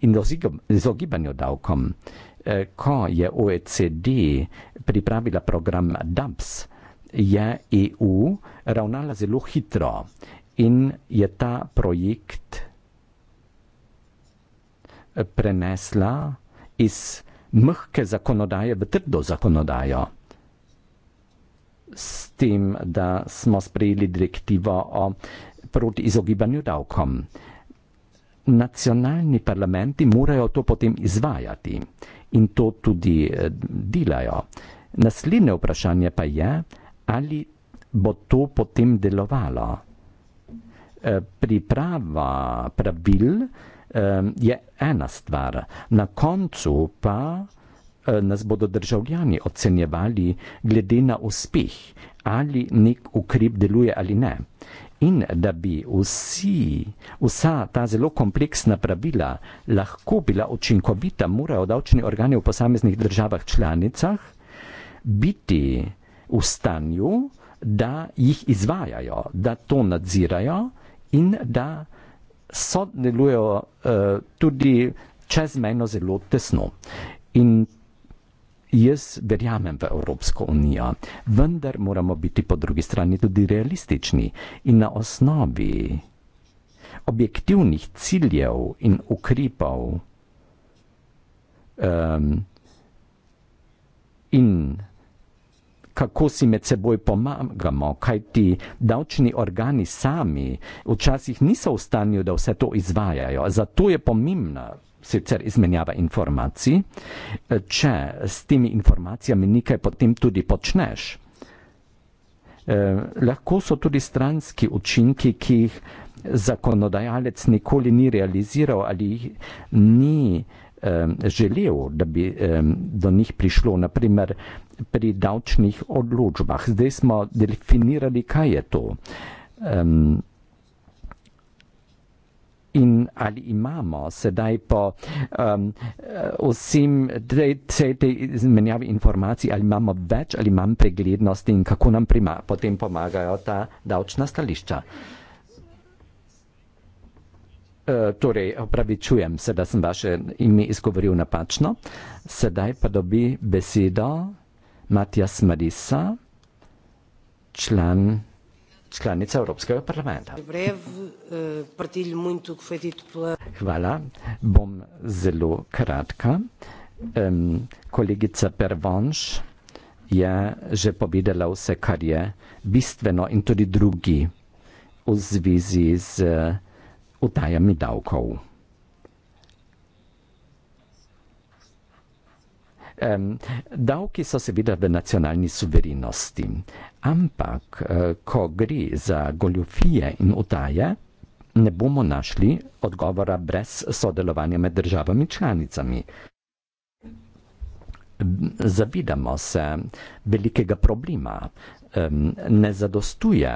Speaker 2: in izogibanju davkom. Eh, ko je OECD pripravila program DAPS, je EU ravnala zelo hitro in je ta projekt prenesla iz mehke zakonodaje v trdo zakonodajo. S tem, da smo sprejeli direktivo o proti izogibanju davkom. Nacionalni parlamenti morajo to potem izvajati in to tudi eh, delajo. Naslednje vprašanje pa je, ali bo to potem delovalo. Eh, priprava pravil, je ena stvar. Na koncu pa e, nas bodo državljani ocenjevali glede na uspeh, ali nek ukrep deluje ali ne. In da bi vsi, vsa ta zelo kompleksna pravila lahko bila učinkovita, morajo davčni organi v posameznih državah članicah biti v stanju, da jih izvajajo, da to nadzirajo in da sodelujejo uh, tudi čezmejno zelo tesno. In jaz verjamem v Evropsko unijo, vendar moramo biti po drugi strani tudi realistični in na osnovi objektivnih ciljev in ukrepov um, in kako si med seboj pomagamo, kaj ti davčni organi sami včasih niso v stanju, da vse to izvajajo. Zato je pomembna sicer izmenjava informacij, če s temi informacijami nekaj potem tudi počneš. Eh, lahko so tudi stranski učinki, ki jih zakonodajalec nikoli ni realiziral ali jih ni eh, želel, da bi eh, do njih prišlo. Naprimer, pri davčnih odločbah. Zdaj smo definirali, kaj je to. Um, In ali imamo sedaj po um, vsem tej, tej menjavi informacij, ali imamo več ali manj preglednosti in kako nam prima, potem pomagajo ta davčna stališča. Uh, torej, opravičujem se, da sem vaše ime izgovoril napačno. Sedaj pa dobi besedo Matjas Marisa, član, članica Evropskega parlamenta. Hvala, bom zelo kratka. Um, kolegica Pervonš je že povedala vse, kar je bistveno in tudi drugi v zvezi z utajami davkov. Um, davki so seveda v nacionalni suverenosti, ampak eh, ko gre za goljofije in utaje, ne bomo našli odgovora brez sodelovanja med državami članicami. Zavedamo se velikega problema. Um, ne zadostuje,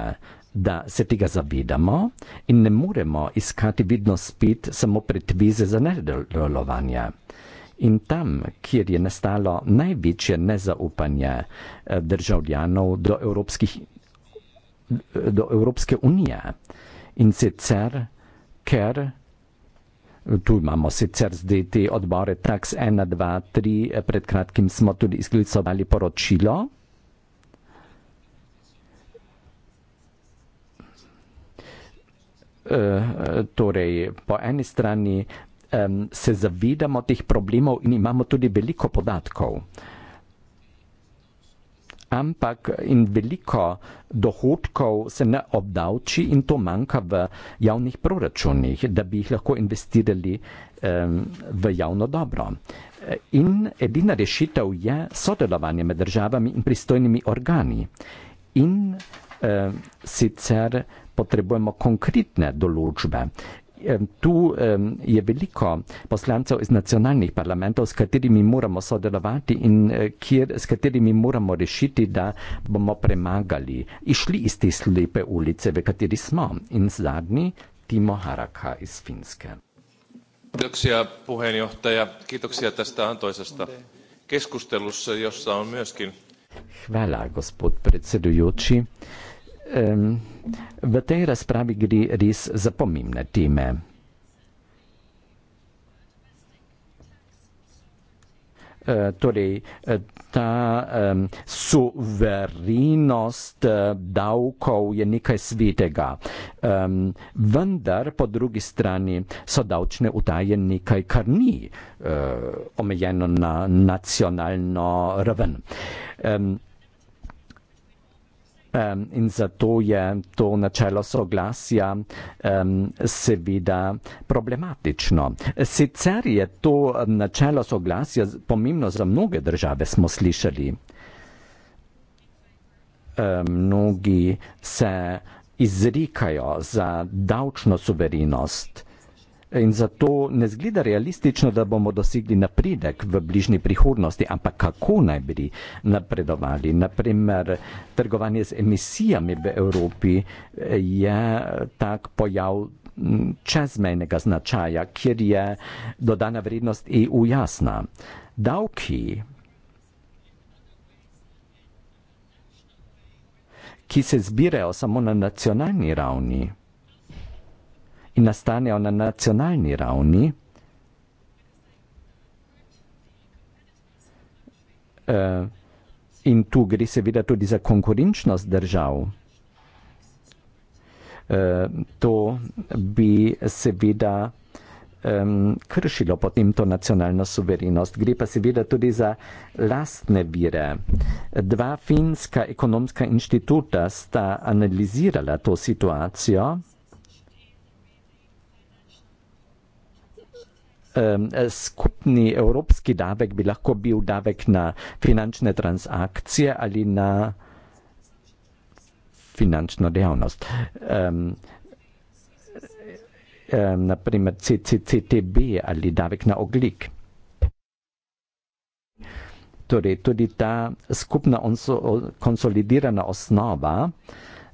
Speaker 2: da se tega zavedamo in ne moremo iskati vedno spet samo predveze za nedelovanje. Nedel In tam, kjer je nastalo največje nezaupanje eh, državljanov do, do Evropske unije. In sicer, ker tu imamo sicer zdaj te odbore TAX 1, 2, 3, pred kratkim smo tudi izglicovali poročilo. Eh, eh, torej, po eni strani um, se zavedamo teh problemov in imamo tudi veliko podatkov. Ampak in veliko dohodkov se ne obdavči in to manjka v javnih proračunih, da bi jih lahko investirali um, v javno dobro. In edina rešitev je sodelovanje med državami in pristojnimi organi. In um, sicer potrebujemo konkretne določbe, tu um, je veliko poslancev iz nacionalnih parlamentov, s katerimi moramo sodelovati in e, kjer, s katerimi moramo rešiti, da bomo premagali, išli iz te slepe ulice, v kateri smo. In zadnji, Timo Haraka iz Finske.
Speaker 1: Kiitoksia puheenjohtaja. Kiitoksia tästä antoisesta keskustelussa, jossa on myöskin...
Speaker 2: Hvala, gospod predsedujući um, v tej razpravi gre res za pomembne teme. E, torej, e, ta um, suverenost e, davkov je nekaj svetega, um, vendar po drugi strani so davčne utaje nekaj, kar ni uh, omejeno na nacionalno raven. Um, Um, in zato je to načelo soglasja um, seveda problematično. Sicer je to načelo soglasja pomembno za mnoge države, smo slišali. Um, mnogi se izrikajo za davčno suverenost in zato ne zgleda realistično, da bomo dosegli napredek v bližnji prihodnosti, ampak kako naj bi napredovali. Naprimer, trgovanje z emisijami v Evropi je tak pojav čezmejnega značaja, kjer je dodana vrednost EU jasna. Davki, ki se zbirajo samo na nacionalni ravni, in nastanejo na nacionalni ravni, eh, in tu gre seveda tudi za konkurenčnost držav. Eh, to bi seveda kršilo potem to nacionalno suverenost. Gre pa seveda tudi za lastne vire. Dva finska ekonomska inštituta sta analizirala to situacijo. skupni evropski davek bi lahko bil davek na finančne transakcije ali na finančno dejavnost. Um, um, naprimer CCTB ali davek na oglik. Torej, tudi ta skupna konsolidirana osnova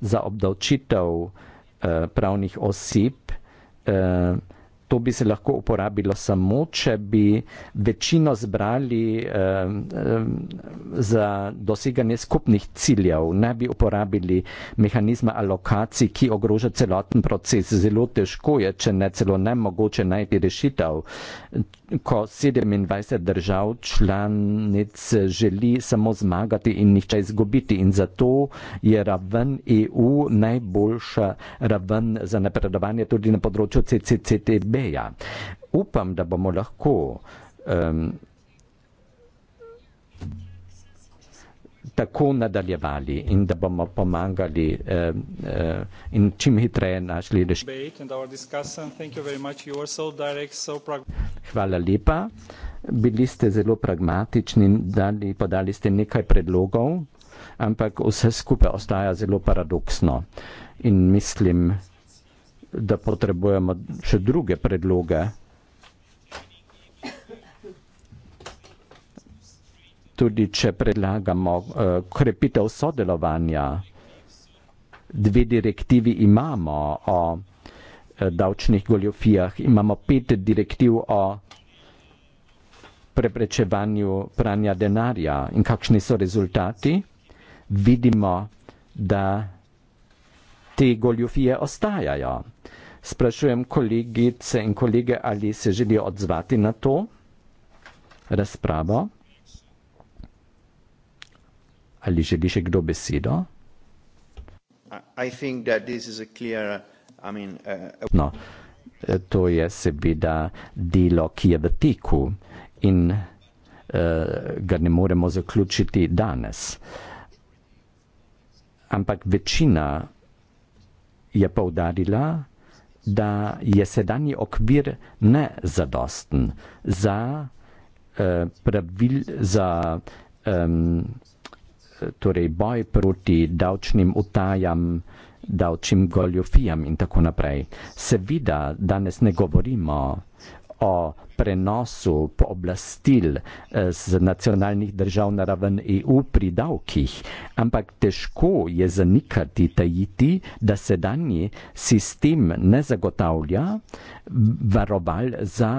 Speaker 2: za obdavčitev uh, pravnih oseb uh, To bi se lahko uporabilo samo, če bi večino zbrali eh, za doseganje skupnih ciljev, ne bi uporabili mehanizma alokacij, ki ogroža celoten proces. Zelo težko je, če ne celo nemogoče najti rešitev ko 27 držav članic želi samo zmagati in nihče izgubiti. In zato je raven EU najboljša raven za napredovanje tudi na področju CCCTB-ja. Upam, da bomo lahko um, tako nadaljevali in da bomo pomagali eh, eh, in čim hitreje našli rešitve. Hvala lepa. Bili ste zelo pragmatični in podali ste nekaj predlogov, ampak vse skupaj ostaja zelo paradoksno. In mislim, da potrebujemo še druge predloge. tudi če predlagamo uh, krepitev sodelovanja. Dve direktivi imamo o uh, davčnih goljofijah, imamo pet direktiv o preprečevanju pranja denarja in kakšni so rezultati. Vidimo, da te goljofije ostajajo. Sprašujem kolegice in kolege, ali se želijo odzvati na to razpravo. Ali želi še kdo besedo? No, e, to je seveda delo, ki je v teku in uh, ga ne moremo zaključiti danes. Ampak večina je povdarila, da je sedanji okvir ne zadosten za, uh, pravil, za um, torej boj proti davčnim utajam, davčnim goljofijam in tako naprej. Seveda danes ne govorimo o prenosu pooblastil eh, z nacionalnih držav na raven EU pri davkih, ampak težko je zanikati tajiti, da sedanji sistem ne zagotavlja varoval za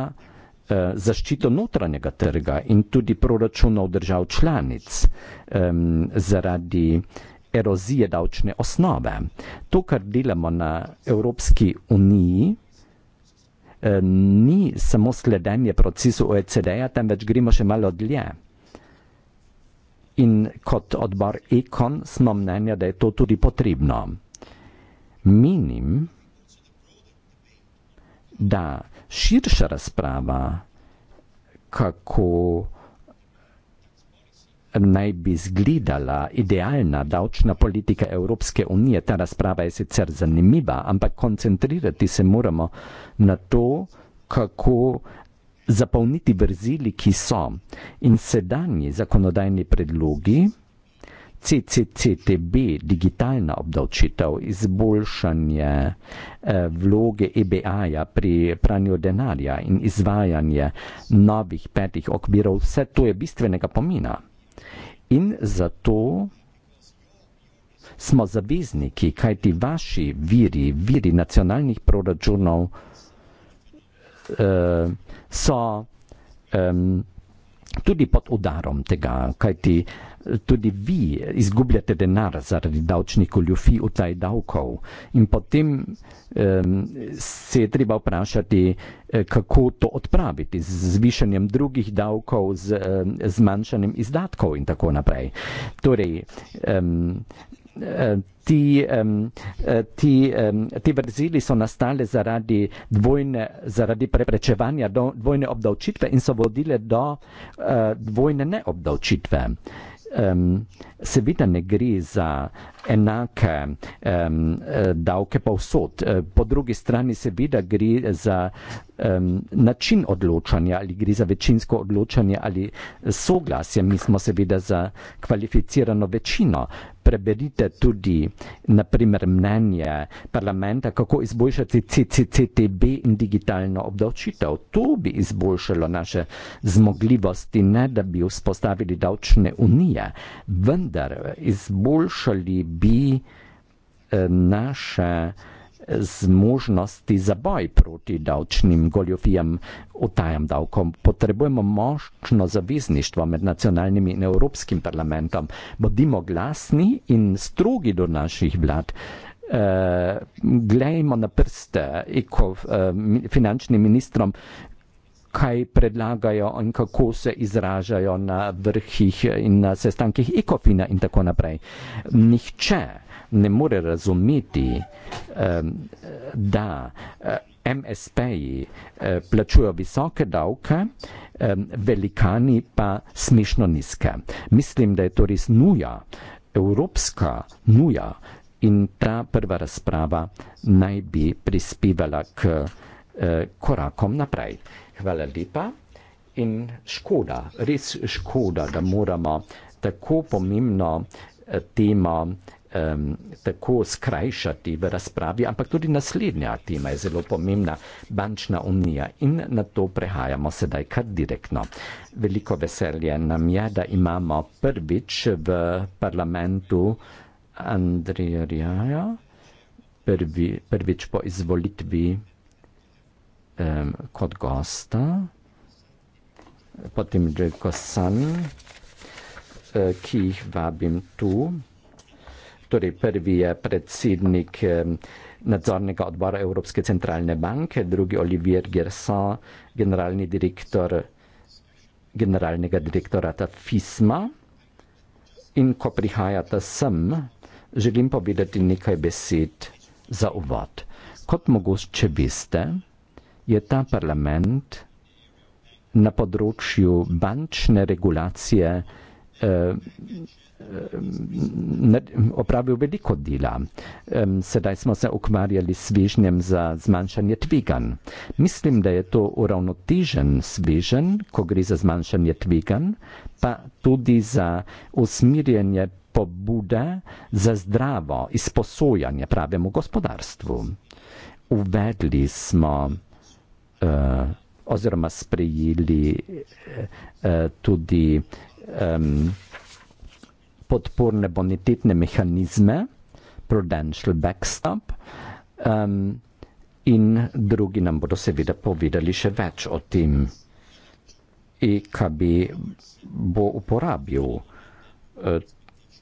Speaker 2: Eh, zaščito notranjega trga in tudi proračunov držav članic um, zaradi erozije davčne osnove. To, kar delamo na Evropski uniji, eh, ni samo sledenje procesu OECD-ja, temveč gremo še malo dlje. In kot odbor ECON smo mnenja, da je to tudi potrebno. Menim, da širša razprava, kako naj bi izgledala idealna davčna politika Evropske unije. Ta razprava je sicer zanimiva, ampak koncentrirati se moramo na to, kako zapolniti vrzili, ki so. In sedanji zakonodajni predlogi CCCTB, digitalna obdavčitev, izboljšanje eh, vloge EBA-ja pri pranju denarja in izvajanje novih petih okvirov, vse to je bistvenega pomena. In zato smo zavezniki, kajti vaši viri, viri nacionalnih proračunov eh, so tudi pod udarom tega, kajti vsega, tudi vi izgubljate denar zaradi davčnih goljufi v taj davkov. In potem um, se je treba vprašati, eh, kako to odpraviti z zvišanjem drugih davkov, z zmanjšanjem izdatkov in tako naprej. Torej, um, Ti, eh, ti, ti vrzeli so nastale zaradi, dvojne, zaradi preprečevanja dvojne obdavčitve in so vodile do dvojne neobdavčitve um, seveda ne gre za enake um, davke pa vsot. Eh, po drugi strani seveda gre za um, način odločanja, ali gre za večinsko odločanje ali eh, soglasje. Mi smo seveda za kvalificirano večino. Preberite tudi, naprimer, mnenje parlamenta, kako izboljšati CCCTB in digitalno obdavčitev. To bi izboljšalo naše zmogljivosti, ne da bi vzpostavili davčne unije, vendar izboljšali bi um, naše zmožnosti za boj proti davčnim goljofijam, utajam davkom. Potrebujemo močno zavezništvo med nacionalnimi in evropskim parlamentom. Bodimo glasni in strogi do naših vlad. Uh, glejmo na prste ko, uh, eh, finančnim ministrom, kaj predlagajo in kako se izražajo na vrhih in na sestankih ECOFINA in tako naprej. Nihče ne more razumeti, da eh, MSP-ji eh, plačujo visoke davke, velikani pa smešno nizke. Mislim, da je to res nuja, evropska nuja in ta prva razprava naj bi prispevala k eh, korakom naprej. Hvala lepa in škoda, res škoda, da moramo tako pomembno temo um, tako skrajšati v razpravi, ampak tudi naslednja tema je zelo pomembna, bančna unija in na to prehajamo sedaj kar direktno. Veliko veselje nam je, da imamo prvič v parlamentu Andrija Rjaja, prvi, prvič po izvolitvi um, kot gosta, potem Dreko San, eh, ki jih vabim tu. Torej, prvi je predsednik nadzornega odbora Evropske centralne banke, drugi Olivier Gerson, generalni direktor generalnega direktorata FISMA. In ko prihajate sem, želim povedati nekaj besed za uvod. Kot mogoče veste, je ta parlament na področju bančne regulacije eh, Ehm, opravil veliko dela. Ehm, sedaj smo se ukvarjali s svežnjem za zmanjšanje tvegan. Mislim, da je to uravnotežen svežen, ko gre za zmanjšanje tvegan, pa tudi za usmirjanje pobude za zdravo izposojanje pravemu gospodarstvu. Uvedli smo eh, oziroma sprejeli eh, eh, tudi ehm, podporne bonitetne mehanizme, prudential backstop, um, in drugi nam bodo seveda povedali še več o tem. EKB bo uporabil eh,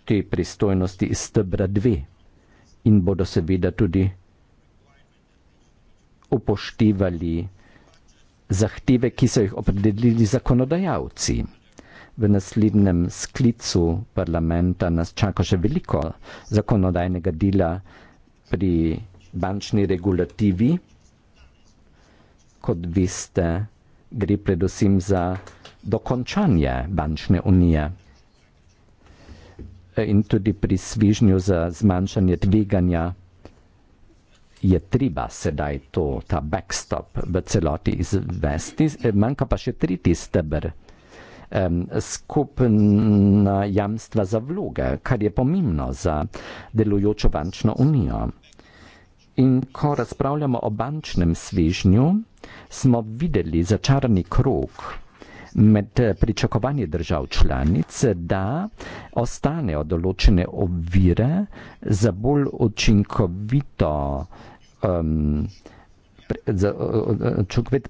Speaker 2: te pristojnosti iz stebra 2 in bodo seveda tudi upoštevali zahteve, ki so jih opredelili zakonodajalci v naslednjem sklicu parlamenta nas čaka še veliko zakonodajnega dela pri bančni regulativi. Kot veste, gre predvsem za dokončanje bančne unije in tudi pri svižnju za zmanjšanje tveganja je treba sedaj to, ta backstop v celoti izvesti. Manjka pa še tretji steber um, skupna jamstva za vloge, kar je pomembno za delujočo bančno unijo. In ko razpravljamo o bančnem svežnju, smo videli začarani krok med pričakovanji držav članic, da ostanejo določene ovire za bolj učinkovito um, čukvit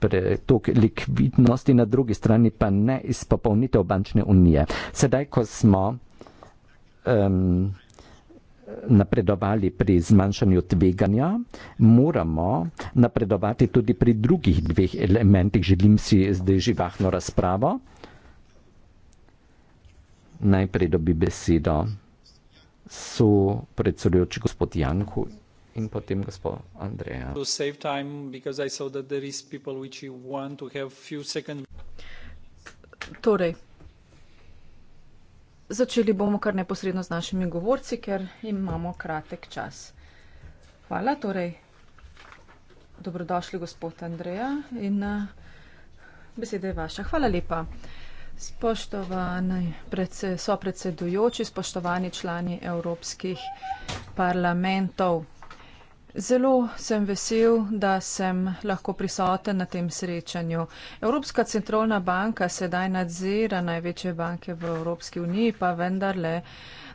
Speaker 2: pretok likvidnosti, na drugi strani pa ne izpopolnitev bančne unije. Sedaj, ko smo napredovali pri zmanjšanju tveganja, moramo napredovati tudi pri drugih dveh elementih. Želim si zdaj živahno razpravo. Najprej dobi besedo so predsedujoči gospod Janku in potem gospod Andreja.
Speaker 1: Torej, začeli bomo kar neposredno z našimi govorci, ker imamo kratek čas. Hvala, torej, dobrodošli gospod Andreja in eh, beseda je vaša. Hvala lepa. Spoštovani predse, so predsedujoči, spoštovani člani evropskih parlamentov. Zelo sem vesel, da sem lahko prisoten na tem srečanju. Evropska centralna banka sedaj nadzira največje banke v Evropski uniji, pa vendarle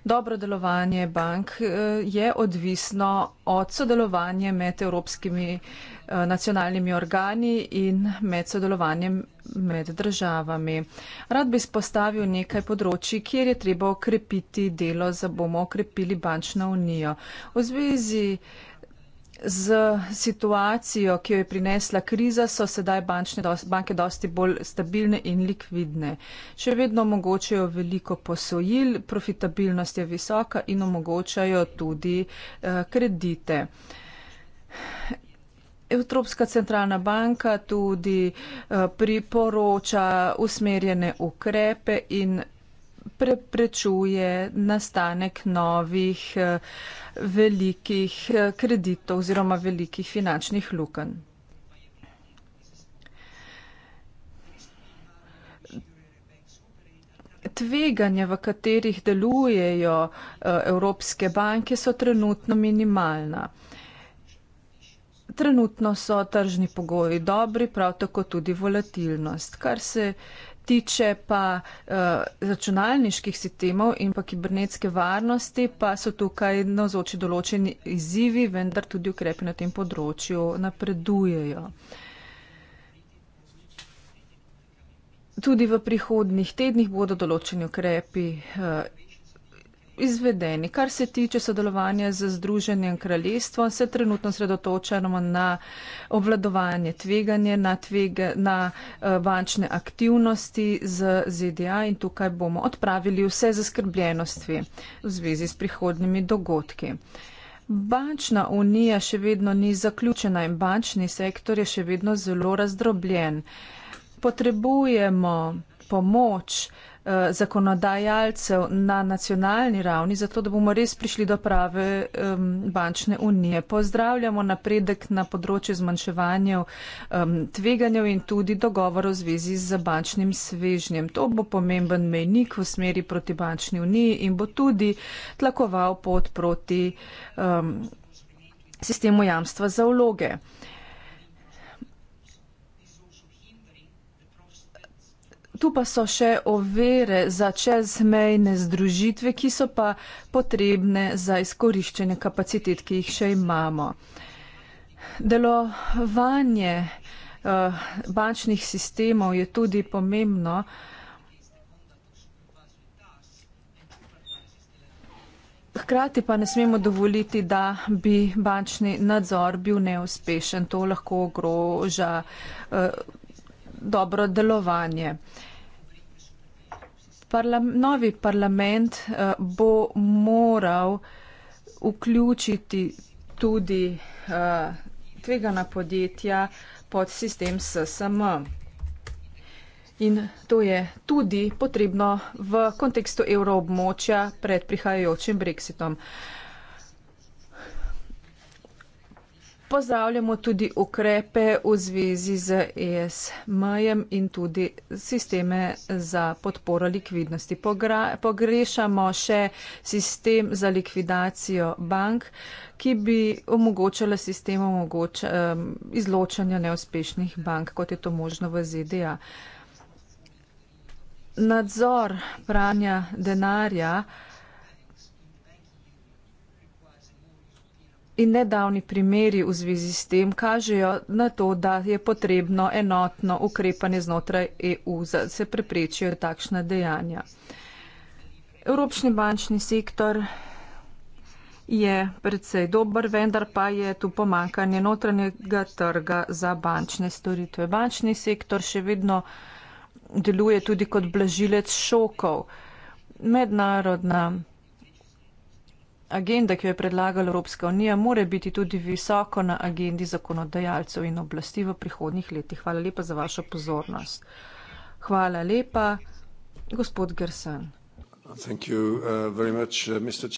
Speaker 1: dobro delovanje bank eh, je odvisno od sodelovanja med evropskimi eh, nacionalnimi organi in med sodelovanjem med državami. Rad bi spostavil nekaj področji, kjer je treba okrepiti delo, da bomo okrepili bančno unijo. V zvezi Z situacijo, ki jo je prinesla kriza, so sedaj bančne, banke dosti bolj stabilne in likvidne. Še vedno omogočajo veliko posojil, profitabilnost je visoka in omogočajo tudi eh, kredite. Evropska centralna banka tudi eh, priporoča usmerjene ukrepe in preprečuje nastanek novih eh, velikih eh, kreditov oziroma velikih finančnih lukenj. Tveganja, v katerih delujejo eh, evropske banke, so trenutno minimalna. Trenutno so tržni pogoji dobri, prav tako tudi volatilnost. Kar se tiče pa uh, računalniških sistemov in pa kibernetske varnosti, pa so tukaj navzoči določeni izzivi, vendar tudi ukrepi na tem področju napredujejo. Tudi v prihodnih tednih bodo določeni ukrepi uh, izvedeni. Kar se tiče sodelovanja z Združenjem kraljestvo, se trenutno sredotočamo na obvladovanje tveganja, na, tvega, na eh, bančne aktivnosti z ZDA in tukaj bomo odpravili vse zaskrbljenosti v zvezi s prihodnimi dogodki. Bančna unija še vedno ni zaključena in bančni sektor je še vedno zelo razdrobljen. Potrebujemo pomoč uh, zakonodajalcev na nacionalni ravni, zato da bomo res prišli do prave um, bančne unije. Pozdravljamo napredek na področju zmanjševanja um, tveganjev in tudi dogovor o zvezi z bančnim svežnjem. To bo pomemben mejnik v smeri proti bančni uniji in bo tudi tlakoval pot proti um, sistemu jamstva za vloge. Uh, Tu pa so še overe za čezmejne združitve, ki so pa potrebne za izkoriščenje kapacitet, ki jih še imamo. Delovanje eh, bančnih sistemov je tudi pomembno. Hkrati pa ne smemo dovoliti, da bi bančni nadzor bil neuspešen. To lahko ogroža. Uh, dobro delovanje. Parlam, novi parlament eh, bo moral vključiti tudi eh, tvegana podjetja pod sistem SSM. In to je tudi potrebno v kontekstu evroobmočja pred prihajajočim brexitom. Uh, Pozdravljamo tudi ukrepe v zvezi z ESM-jem in tudi sisteme za podporo likvidnosti. Pogra pogrešamo še sistem za likvidacijo bank, ki bi omogočala sistem omogoč um, izločanja neuspešnih bank, kot je to možno v ZDA. Nadzor pranja denarja. In nedavni primeri v zvezi s tem kažejo na to, da je potrebno enotno ukrepanje znotraj EU, da se preprečijo takšna dejanja. Evropski bančni sektor je predvsej dober, vendar pa je tu pomankanje notranjega trga za bančne storitve. Bančni sektor še vedno deluje tudi kot blažilec šokov. Mednarodna agenda, ki jo je predlagala Evropska unija, more biti tudi visoko na agendi zakonodajalcev in oblasti v prihodnjih letih. Hvala lepa za vašo pozornost. Hvala lepa, gospod Gersen.
Speaker 3: Uh, uh,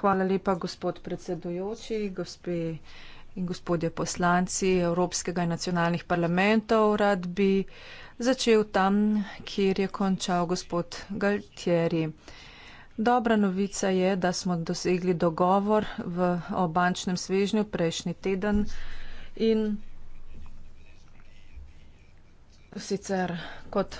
Speaker 1: Hvala lepa, gospod predsedujoči, gospe in gospodje poslanci Evropskega in nacionalnih parlamentov. Rad bi začel tam, kjer je končal gospod Galtieri. Dobra novica je, da smo dosegli dogovor v obančnem svežnju prejšnji teden in sicer kot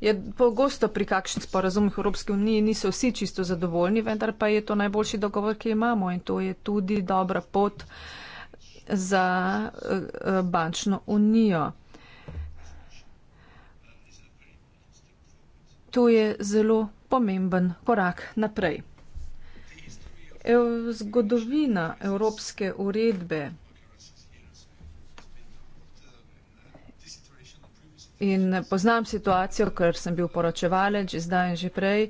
Speaker 1: je pogosto pri kakšnih sporazumih Evropske unije, niso vsi čisto zadovoljni, vendar pa je to najboljši dogovor, ki imamo in to je tudi dobra pot za eh, eh, bančno unijo. To je zelo pomemben korak naprej. Ev, zgodovina evropske uredbe in poznam situacijo, ker sem bil poročevalec že zdaj in že prej.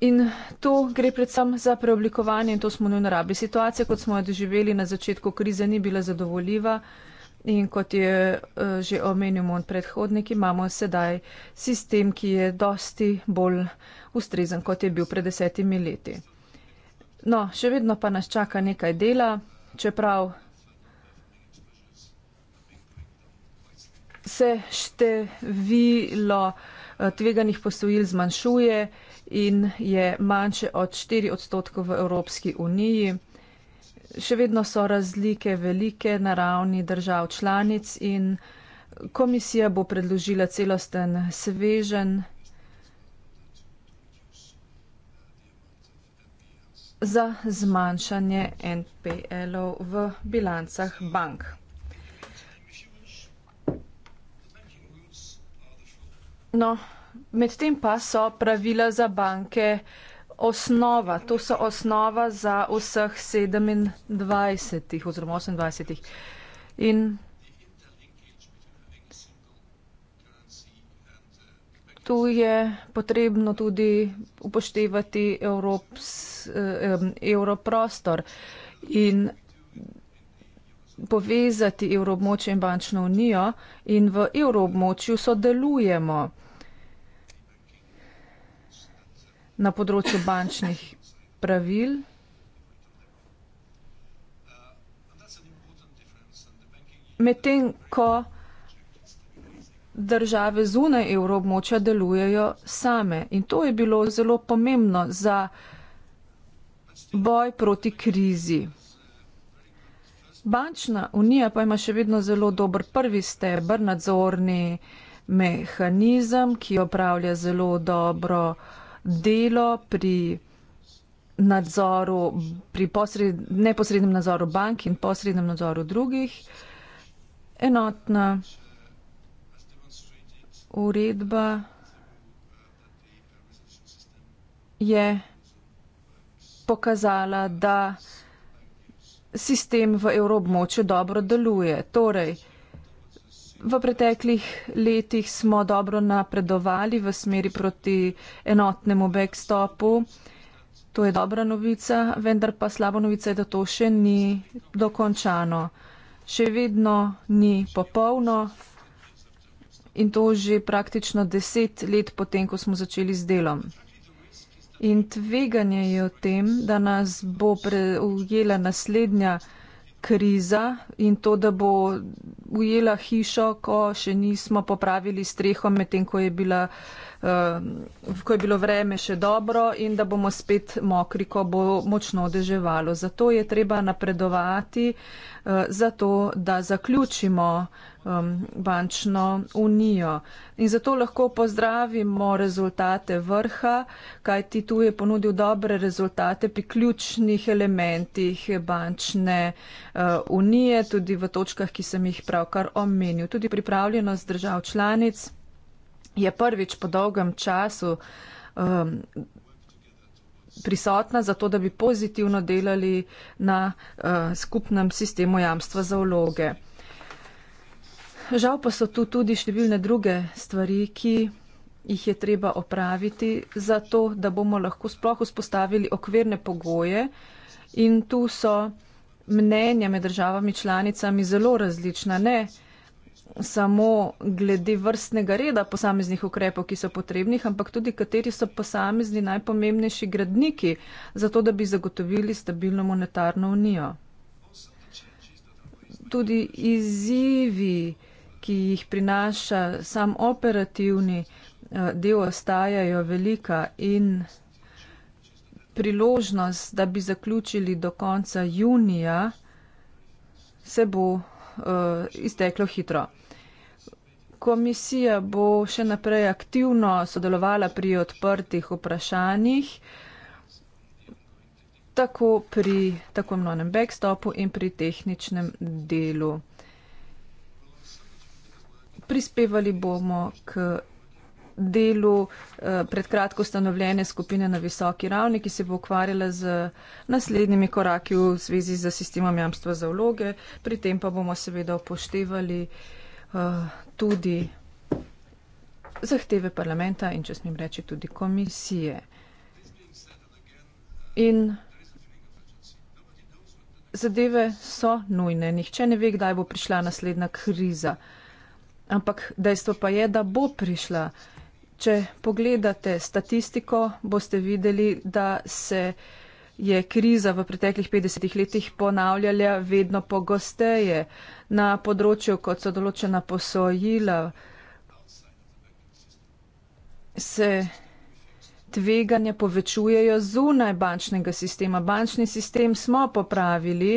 Speaker 1: In tu gre predvsem za preoblikovanje in to smo nujno rabi. Situacija, kot smo jo doživeli na začetku krize, ni bila zadovoljiva. In kot je eh, že omenil moj predhodnik, imamo sedaj sistem, ki je dosti bolj ustrezen, kot je bil pred desetimi leti. No, še vedno pa nas čaka nekaj dela, čeprav se število eh, tveganih posojil zmanjšuje in je manjše od 4 odstotkov v Evropski uniji še vedno so razlike velike na ravni držav članic in komisija bo predložila celosten svežen za zmanjšanje NPL-ov v bilancah bank. No, medtem pa so pravila za banke osnova, to so osnova za vseh 27 oziroma 28. In tu je potrebno tudi upoštevati Evrops, evroprostor in povezati evroobmočje in bančno unijo in v evroobmočju sodelujemo. na področju bančnih pravil. Medtem ko države zunaj evroobmočja delujejo same. In to je bilo zelo pomembno za boj proti krizi. Bančna unija pa ima še vedno zelo dober prvi steber, nadzorni mehanizem, ki opravlja zelo dobro uh, delo pri nadzoru, pri posred, neposrednem nadzoru bank in posrednem nadzoru drugih. Enotna uredba je pokazala, da sistem v evroobmočju dobro deluje. Torej, V preteklih letih smo dobro napredovali v smeri proti enotnemu backstopu. To je dobra novica, vendar pa slaba novica je, da to še ni dokončano. Še vedno ni popolno in to že praktično deset let potem, ko smo začeli z delom. In tveganje je v tem, da nas bo ujela naslednja kriza in to, da bo ujela hišo, ko še nismo popravili streho, medtem ko, eh, ko je bilo vreme še dobro in da bomo spet mokri, ko bo močno deževalo. Zato je treba napredovati, eh, zato da zaključimo eh, bančno unijo. In zato lahko pozdravimo rezultate vrha, kaj ti tu je ponudil dobre rezultate pri ključnih elementih bančne unije, tudi v točkah, ki sem jih prav Mateo kar omenil, tudi pripravljenost držav članic je prvič po dolgem času um, prisotna za to, da bi pozitivno delali na uh, skupnem sistemu jamstva za vloge. Žal pa so tu tudi številne druge stvari, ki jih je treba opraviti za to, da bomo lahko sploh vzpostavili okvirne pogoje in tu so mnenja med državami članicami zelo različna, ne samo glede vrstnega reda posameznih ukrepov, ki so potrebnih, ampak tudi kateri so posamezni najpomembnejši gradniki za to, da bi zagotovili stabilno monetarno unijo. Tudi izzivi, ki jih prinaša sam operativni eh, del, ostajajo velika in priložnost, da bi zaključili do konca junija, se bo uh, izteklo hitro. Komisija bo še naprej aktivno sodelovala pri odprtih vprašanjih, tako pri tako imenovanem backstopu in pri tehničnem delu. Prispevali bomo k delu eh, predkratko ustanovljene skupine na visoki ravni, ki se bo ukvarjala z naslednjimi koraki v zvezi z sistemom jamstva za vloge. Pri tem pa bomo seveda upoštevali eh, tudi zahteve parlamenta in, če smem reči, tudi komisije. In zadeve so nujne. Nihče ne ve, kdaj bo prišla naslednja kriza. Ampak dejstvo pa je, da bo prišla. Uh, Če pogledate statistiko, boste videli, da se je kriza v preteklih 50 letih ponavljala vedno pogosteje na področju, kot so določena posojila, se tveganja povečujejo zunaj bančnega sistema. Bančni sistem smo popravili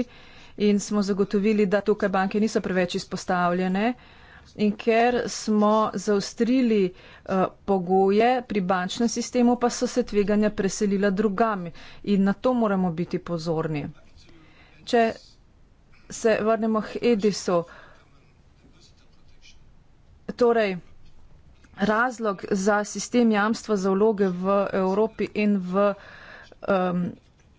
Speaker 1: in smo zagotovili, da tukaj banke niso preveč izpostavljene in ker smo zaustrili uh, eh, pogoje pri bančnem sistemu, pa so se tveganja preselila drugami in na to moramo biti pozorni. Če se vrnemo k Edisu, torej razlog za sistem jamstva za vloge v Evropi in v um,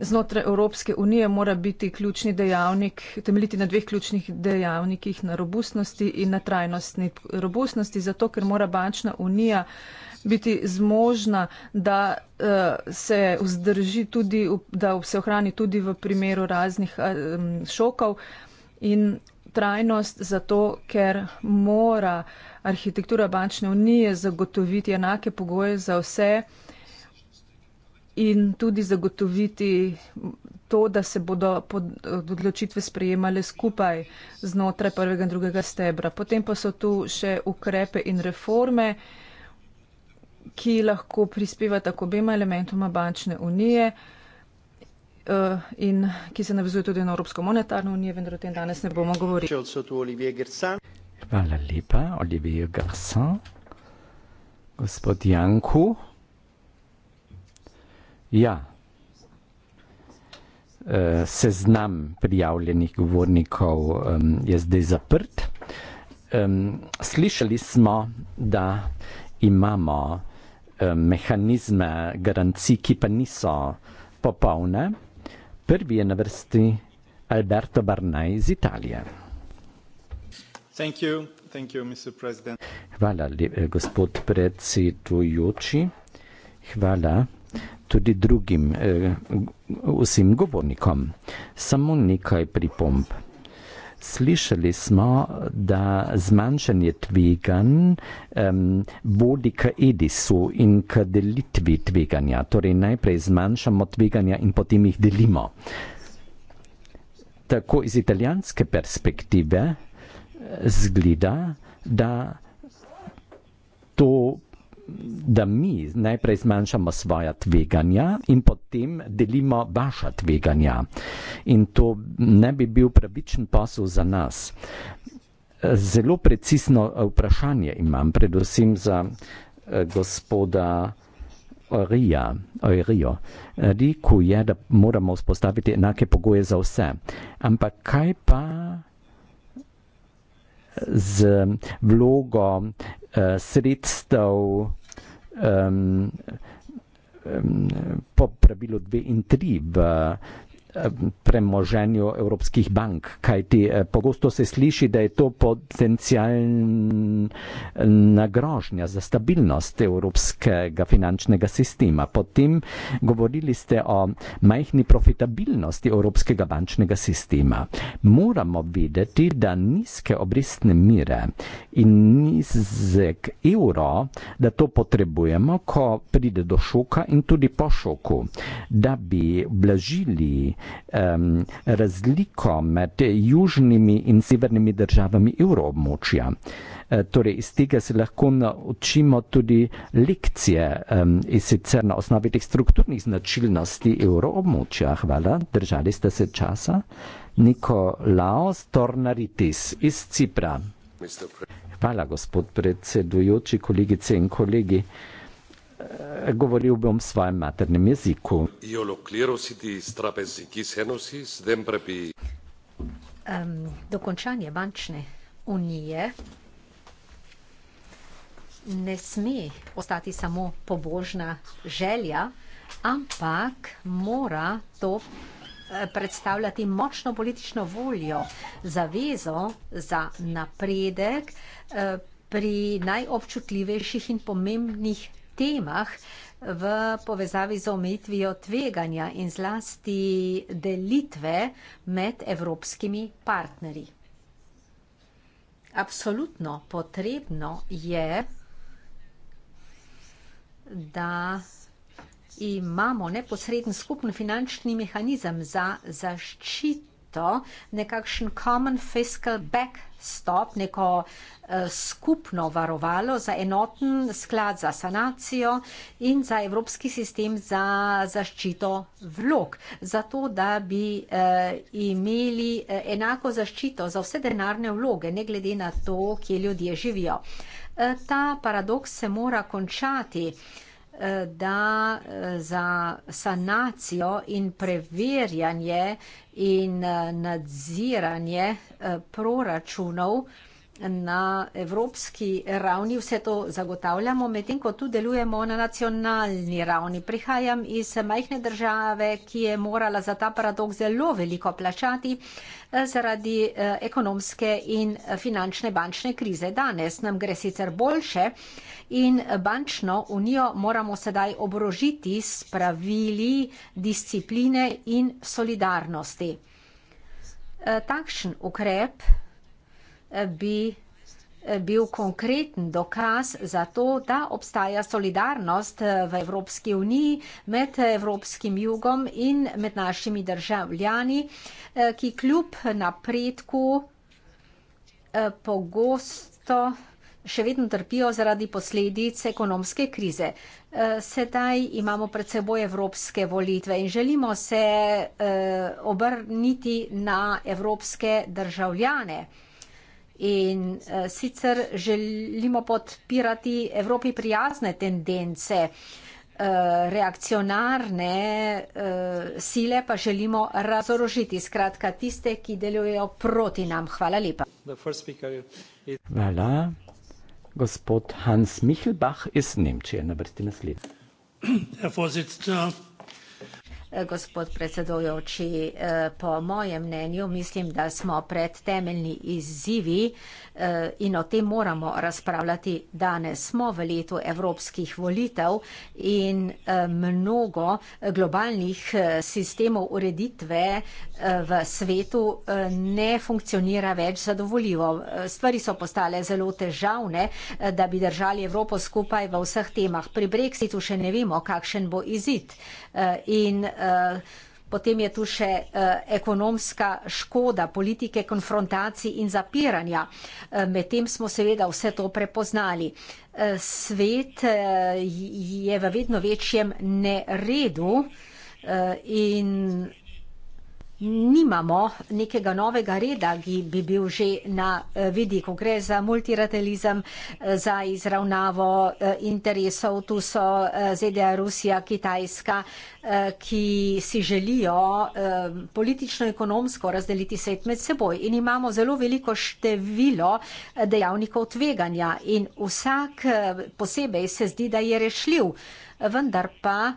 Speaker 1: znotraj Evropske unije mora biti ključni dejavnik, temeljiti na dveh ključnih dejavnikih, na robustnosti in na trajnostni robustnosti, zato ker mora bančna unija biti zmožna, da eh, se vzdrži tudi, da se ohrani tudi v primeru raznih eh, šokov in trajnost zato, ker mora arhitektura bančne unije zagotoviti enake pogoje za vse, in tudi zagotoviti to, da se bodo pod, odločitve sprejemale skupaj znotraj prvega in drugega stebra. Potem pa so tu še ukrepe in reforme, ki lahko prispevata k obema elementoma bančne unije eh, in ki se navezuje tudi na Evropsko monetarno unijo, vendar o tem danes ne bomo govorili.
Speaker 2: Hvala lepa, Olivier Garsan. Gospod Janku, Ja. Eh, seznam prijavljenih govornikov je zdaj zaprt. Slišali smo, da imamo mehanizme garancij, ki pa niso popolne. Prvi je na vrsti Alberto Barnaj iz Italije. Thank you. Thank you, Mr. Hvala, gospod predsedujoči. Hvala tudi drugim eh, vsem govornikom. Samo nekaj pripomb. Slišali smo, da zmanjšanje tveganj um, vodi k edisu in k delitvi tveganja. Torej, najprej zmanjšamo tveganja in potem jih delimo. Tako iz italijanske perspektive eh, zgleda, da to da mi najprej zmanjšamo svoja tveganja in potem delimo vaša tveganja. In to ne bi bil pravičen posel za nas. Zelo precizno eh, vprašanje imam, predvsem za eh, gospoda Orija, Orijo. Rekl je, da moramo vzpostaviti enake pogoje za vse. Ampak kaj pa z vlogo eh, sredstev eh, po pravilu 2 in 3 v premoženju evropskih bank, kajti eh, pogosto se sliši, da je to potencijalna grožnja za stabilnost evropskega finančnega sistema. Potem govorili ste o majhni profitabilnosti evropskega bančnega sistema. Moramo videti, da nizke obrestne mire in nizek evro, da to potrebujemo, ko pride do šoka in tudi po šoku, da bi blažili um, razliko med južnimi in severnimi državami evroobmočja. E, torej, iz tega se lahko naučimo tudi lekcije um, in sicer na osnovi teh strukturnih značilnosti evroobmočja. Hvala, držali ste se časa. Niko Laos Tornaritis iz Cipra. Hvala, gospod predsedujoči, kolegice in kolegi govoril bom v svojem maternem jeziku.
Speaker 3: Um, dokončanje bančne unije ne sme ostati samo pobožna želja, ampak mora to eh, predstavljati močno politično voljo, zavezo za napredek eh, pri najobčutljivejših in pomembnih temah v povezavi z omejitvijo tveganja in zlasti delitve med evropskimi partnerji. Absolutno potrebno je, da imamo neposreden skupni finančni mehanizem za zaščito leto nekakšen common fiscal backstop, neko eh, skupno varovalo za enoten sklad za sanacijo in za evropski sistem za zaščito vlog, zato da bi eh, imeli eh, enako zaščito za vse denarne vloge, ne glede na to, kje ljudje živijo. Eh, ta paradoks se mora končati. Eh, da eh, za sanacijo in preverjanje in eh, nadziranje eh, proračunov na evropski ravni vse to zagotavljamo, medtem ko tu delujemo na nacionalni ravni. Prihajam iz majhne države, ki je morala za ta paradoks zelo veliko plačati eh, zaradi eh, ekonomske in finančne bančne krize. Danes nam gre sicer boljše in bančno unijo moramo sedaj obrožiti s pravili discipline in solidarnosti. Eh, takšen ukrep bi eh, bil konkreten dokaz za to, da obstaja solidarnost eh, v Evropski uniji med Evropskim jugom in med našimi državljani, eh, ki kljub napredku pogosto še vedno trpijo zaradi posledic ekonomske krize. Sedaj imamo pred seboj evropske volitve in želimo se obrniti na evropske državljane. In uh, sicer želimo podpirati Evropi prijazne tendence, uh, reakcionarne uh, sile pa želimo razorožiti, skratka tiste, ki delujejo proti nam. Hvala lepa.
Speaker 2: Hvala. Gospod Hans Michelbach iz Nemčije, na vrsti naslednji
Speaker 3: gospod predsedojoči. Eh, po mojem mnenju mislim, da smo pred temeljni izzivi eh, in o tem moramo razpravljati danes. Smo v letu evropskih volitev in eh, mnogo globalnih sistemov ureditve v svetu ne funkcionira več zadovoljivo. Stvari so postale zelo težavne, da bi držali Evropo skupaj v vseh temah. Pri Brexitu še ne vemo, kakšen bo izid. In Eh, potem je tu še eh, ekonomska škoda politike konfrontacij in zapiranja. Eh, medtem smo seveda vse to prepoznali. Svet je v vedno večjem neredu in nimamo nekega novega reda, ki bi bil že na eh, vidiku. Gre za multilateralizem, eh, za izravnavo eh, interesov. Tu so ZDA, Rusija, Kitajska, ki si želijo politično, ekonomsko razdeliti svet med seboj. In imamo zelo veliko število dejavnikov tveganja in vsak posebej se zdi, da je rešljiv. Vendar pa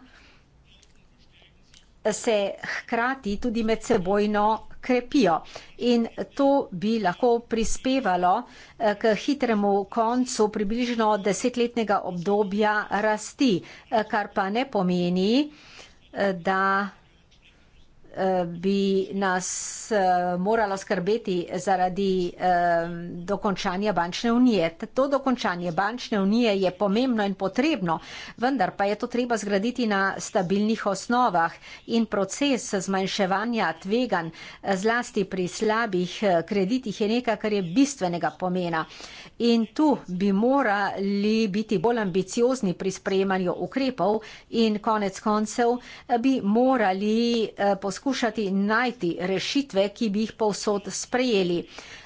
Speaker 3: se hkrati tudi med sebojno krepijo. In to bi lahko prispevalo eh, k hitremu koncu približno desetletnega obdobja rasti, eh, kar pa ne pomeni, eh, da bi nas eh, morala skrbeti zaradi eh, dokončanja bančne unije. To dokončanje bančne unije je pomembno in potrebno, vendar pa je to treba zgraditi na stabilnih osnovah in proces zmanjševanja tvegan eh, zlasti pri slabih kreditih je nekaj, kar je bistvenega pomena. In tu bi morali biti bolj ambiciozni pri sprejemanju ukrepov in konec koncev bi morali poskušati poskušati najti rešitve, ki bi jih povsod sprejeli.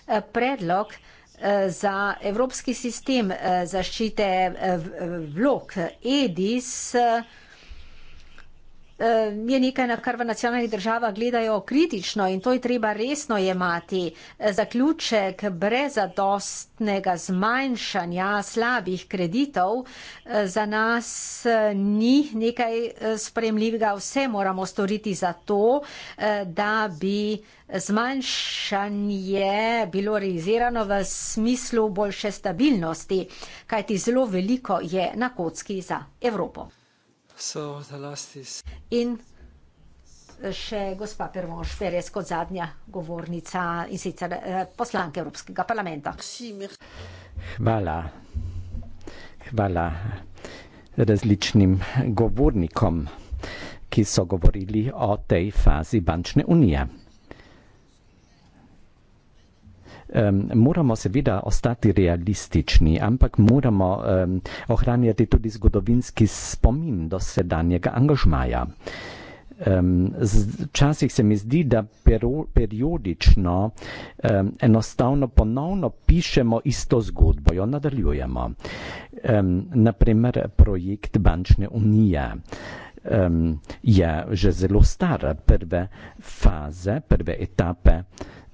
Speaker 3: Eh, predlog eh, za evropski sistem eh, zaščite vlog EDIS je nekaj, na kar v nacionalnih državah gledajo kritično in to je treba resno jemati. Zaključek brez zadostnega zmanjšanja slabih kreditov eh, za nas eh, ni nekaj eh, spremljivega. Vse moramo storiti za to, da bi zmanjšanje bilo realizirano v smislu boljše stabilnosti, kajti zelo veliko je na kocki za Evropo. In še gospa Pervonš Perez kot zadnja govornica in sicer eh, poslanke Evropskega parlamenta.
Speaker 2: Hvala. Hvala različnim govornikom, ki so govorili o tej fazi bančne unije. um, moramo seveda ostati realistični, ampak moramo um, ohranjati tudi zgodovinski spomin do sedanjega angažmaja. Um, včasih se mi zdi, da pero, periodično um, enostavno ponovno pišemo isto zgodbo, jo nadaljujemo. Um, naprimer, projekt Bančne unije um, je že zelo star, prve faze, prve etape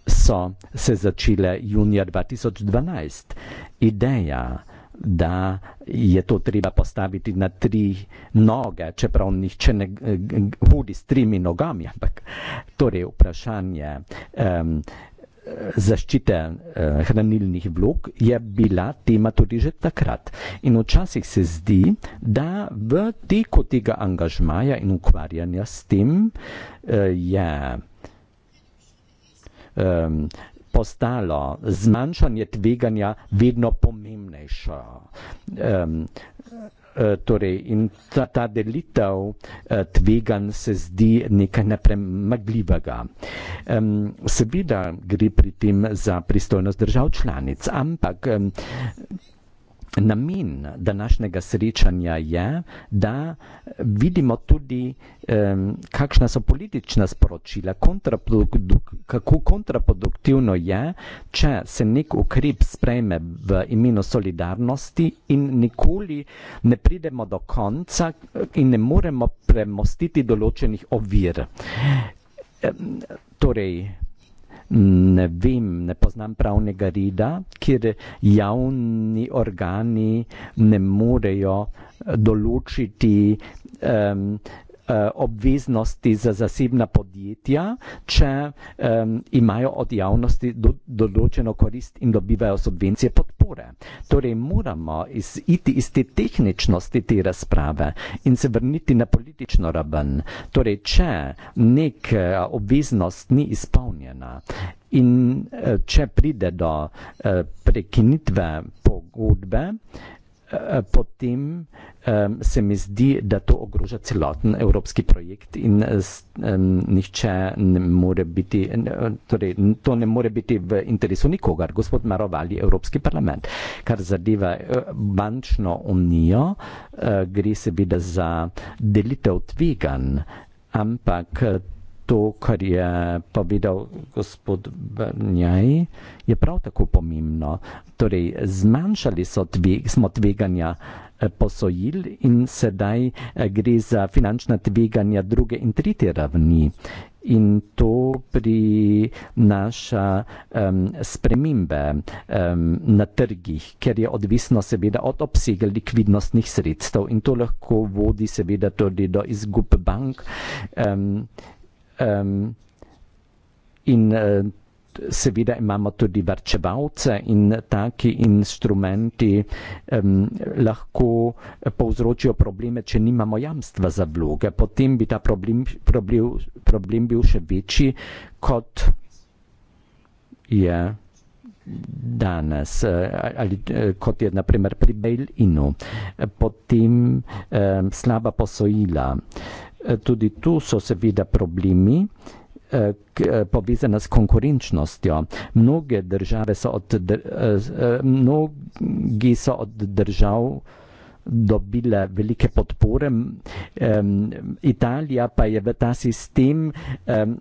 Speaker 2: so se začele junija 2012. Ideja, da je to treba postaviti na tri noge, čeprav nihče ne hodi s trimi nogami, ampak torej vprašanje. Um, Zaščite eh, hranilnih vlog je bila tema tudi že takrat. In včasih se zdi, da v teku tega angažmaja in ukvarjanja s tem eh, je um, postalo zmanjšanje tveganja vedno pomembnejše. Ehm, um, Torej, in ta, ta delitev e, tvegan se zdi nekaj nepremagljivega. Um, seveda gre pri tem za pristojnost držav članic, ampak um, Namen današnjega srečanja je, da vidimo tudi, eh, kakšna so politična sporočila, kontraproduk kako kontraproduktivno je, če se nek ukrep sprejme v imenu solidarnosti in nikoli ne pridemo do konca in ne moremo premostiti določenih ovir. Eh, torej, ne vem, ne poznam pravnega reda, kjer javni organi ne morejo določiti um, Eh, obveznosti za zasebna podjetja, če um, imajo od javnosti do, določeno korist in dobivajo subvencije podpore. Torej moramo iz, iti iz te tehničnosti te razprave in se vrniti na politično raven. Torej, če nek eh, obveznost ni izpolnjena in eh, če pride do uh, prekinitve pogodbe, uh, Eh, potem um, se mi zdi, da to ogroža celoten evropski projekt in um, nihče ne more biti, torej to ne more biti v interesu nikogar, gospod Marovali, Evropski parlament. Kar zadeva eh, bančno unijo, uh, gre se bi da za delitev tvegan, ampak to, kar je povedal gospod Brnjaj, je prav tako pomembno. Torej, zmanjšali tveg, smo tveganja eh, posojil in sedaj eh, gre za finančna tveganja druge in tretje ravni. In to prinaša um, spremembe um, na trgih, ker je odvisno seveda od obsega likvidnostnih sredstev in to lahko vodi seveda tudi do izgub bank. Um, um, in uh, seveda imamo tudi vrčevalce in taki instrumenti um, lahko povzročijo probleme, če nimamo jamstva za vloge. Potem bi ta problem, problem, problem bil še večji, kot je danes, eh, ali eh, kot je naprimer pri Bail-inu, potem eh, slaba posojila. Eh, Eh, tudi tu so seveda problemi eh, eh, povezana s konkurenčnostjo. Mnoge države so od, mnogi so od držav dobile velike podpore. Italija pa je v ta sistem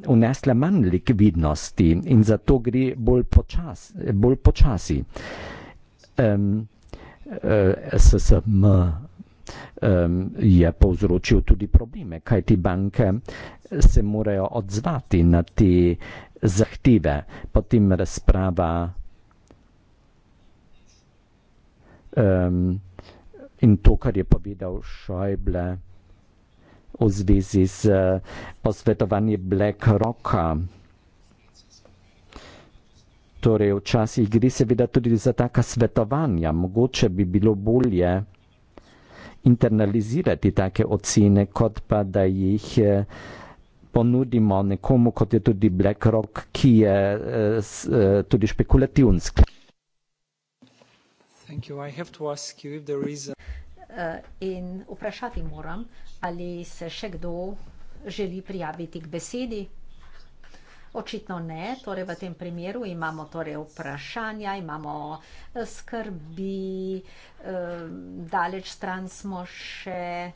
Speaker 2: unesla manj likvidnosti in zato gre bolj, počas, bolj počasi. SSM, je povzročil tudi probleme, kaj ti banke se morajo odzvati na te zahteve. Potem razprava um, in to, kar je povedal Šojble v zvezi z posvetovanjem BlackRocka. Torej, včasih gre seveda tudi za taka svetovanja, mogoče bi bilo bolje internalizirati take ocene, kot pa da jih eh, ponudimo nekomu, kot je tudi BlackRock, ki je eh, eh tudi špekulativen sklep.
Speaker 3: Eh, in vprašati moram, ali se še kdo želi prijaviti k besedi. Očitno ne, torej v tem primeru imamo torej vprašanja, imamo eh, skrbi, eh, daleč stran smo še eh,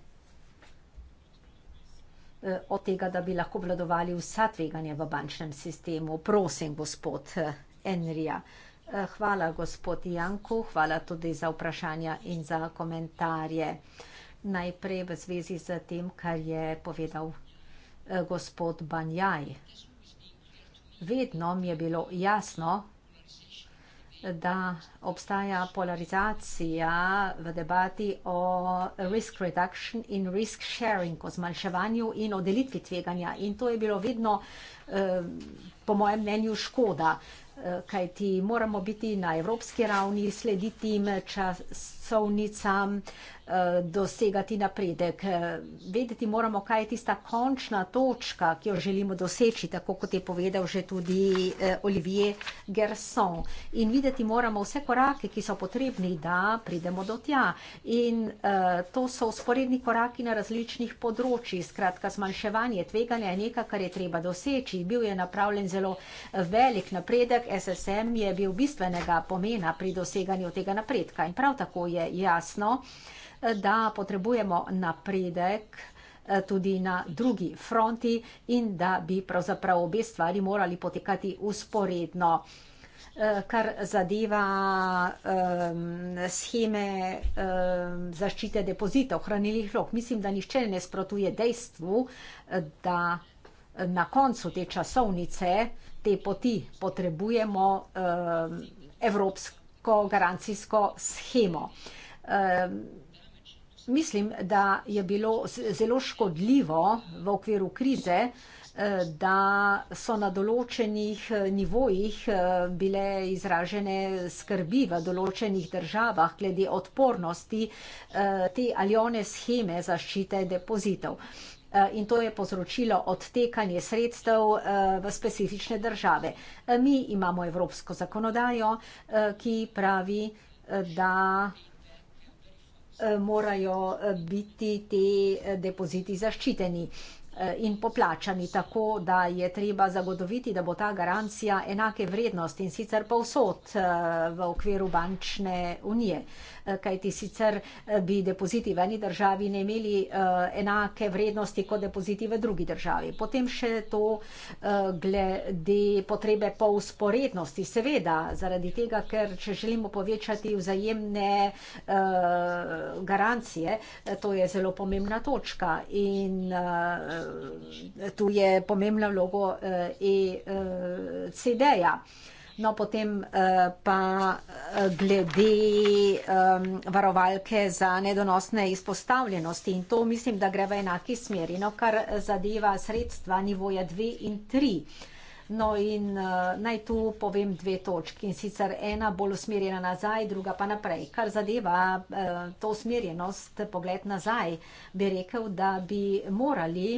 Speaker 3: od tega, da bi lahko obladovali vsa tveganja v bančnem sistemu. Prosim, gospod Enrija. Hvala, gospod Janku, hvala tudi za vprašanja in za komentarje. Najprej v zvezi z tem, kar je povedal gospod Banjaj vedno mi je bilo jasno, da obstaja polarizacija v debati o risk reduction in risk sharing, o zmanjševanju in o delitvi tveganja. In to je bilo vedno, eh, po mojem mnenju, škoda, eh, kajti moramo biti na evropski ravni, slediti čas, časovnicam eh, dosegati napredek. Eh, vedeti moramo, kaj je tista končna točka, ki jo želimo doseči, tako kot je povedal že tudi eh, Olivier Gerson. In videti moramo vse korake, ki so potrebni, da pridemo do tja. In to so sporedni koraki na različnih področjih. Skratka, zmanjševanje tveganja je nekaj, kar je treba doseči. Bil je napravljen zelo velik napredek, SSM je bil bistvenega pomena pri doseganju tega napredka. In prav tako je je jasno, da potrebujemo napredek eh, tudi na drugi fronti in da bi pravzaprav obe stvari morali potekati usporedno. Eh, kar zadeva um, ehm, scheme um, ehm, zaščite depozitev, hranilnih rok, mislim, da nišče ne sprotuje dejstvu, eh, da na koncu te časovnice, te poti potrebujemo um, ehm, evropsko neko garancijsko schemo. Ehm, mislim, da je bilo zelo škodljivo v okviru krize, eh, da so na določenih eh, nivojih eh, bile izražene skrbi v določenih državah glede odpornosti te ali one scheme zaščite depozitev. Eh, in to je povzročilo odtekanje sredstev eh, v specifične države. Eh, mi imamo evropsko zakonodajo, ki pravi, da morajo biti te depoziti zaščiteni in poplačani tako, da je treba zagotoviti, da bo ta garancija enake vrednosti in sicer povsod v okviru bančne unije. Eh, kajti sicer eh, bi depoziti v eni državi ne imeli eh, enake vrednosti kot depoziti v drugi državi. Potem še to glede potrebe po usporednosti. Seveda, zaradi tega, ker če želimo povečati vzajemne garancije, to je zelo pomembna točka in tu je pomembna vlogo ECD-ja. E, No, potem eh, pa eh, glede varovalke za nedonosne izpostavljenosti in to mislim, da gre v enaki smeri, no, kar zadeva sredstva nivoja 2 in 3. No in eh, naj tu povem dve točki in sicer ena bolj usmerjena nazaj, druga pa naprej. Kar zadeva to usmerjenost, pogled nazaj, bi rekel, da bi morali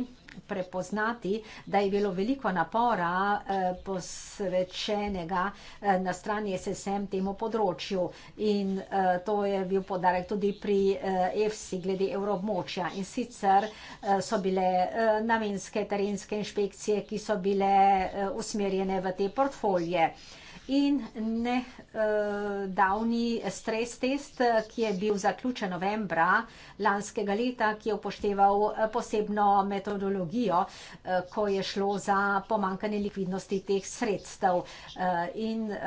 Speaker 3: prepoznati, da je bilo veliko napora eh, posvečenega eh, na strani SSM temu področju in eh, to je bil podarek tudi pri EFSI glede evroobmočja in sicer so bile namenske terenske inšpekcije, ki so bile usmerjene v te portfolje in ne uh, davni stres test, ki je bil zaključen novembra lanskega leta, ki je upošteval eh, posebno metodologijo, uh, ko je šlo za pomankanje likvidnosti teh sredstev. Uh, in uh,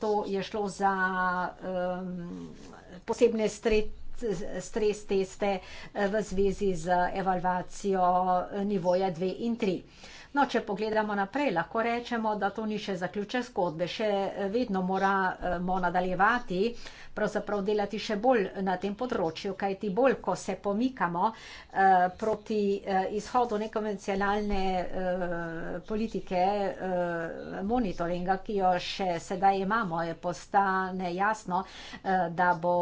Speaker 3: to je šlo za um, posebne stres stres teste v zvezi z evalvacijo nivoja 2 in 3. No, če pogledamo naprej, lahko rečemo, da to ni še zaključek zgodbe, še eh, vedno moramo eh, nadaljevati, pravzaprav delati še bolj na tem področju, kajti bolj, ko se pomikamo eh, proti izhodu nekonvencionalne politike monitoringa, ki jo še sedaj imamo, je postane jasno, da bo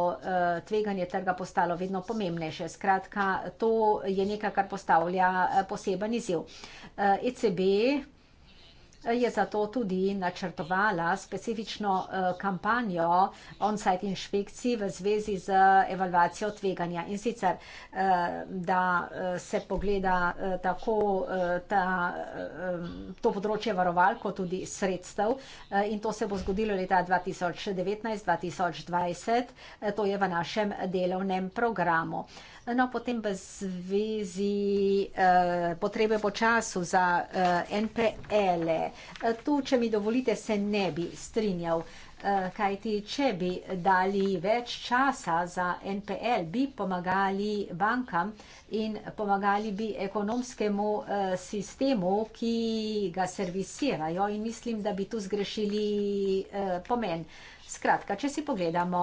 Speaker 3: tveganje trga postalo vedno pomembnejše. Skratka, to je nekaj, kar postavlja poseben izjiv. ECB ECB je zato tudi načrtovala specifično eh, kampanjo on-site inšpekcij v zvezi z evalvacijo tveganja. In sicer, eh, da eh, se pogleda tako ta, to področje varoval, kot tudi sredstev. In to se bo zgodilo leta 2019-2020, to je v našem delovnem programu. No, potem v zvezi eh, potrebe po času za eh, NPL. -e. Eh, tu, če mi dovolite, se ne bi strinjal. Eh, kajti, če bi dali več časa za NPL, bi pomagali bankam in pomagali bi ekonomskemu eh, sistemu, ki ga servisirajo in mislim, da bi tu zgrešili pomen. Skratka, če si pogledamo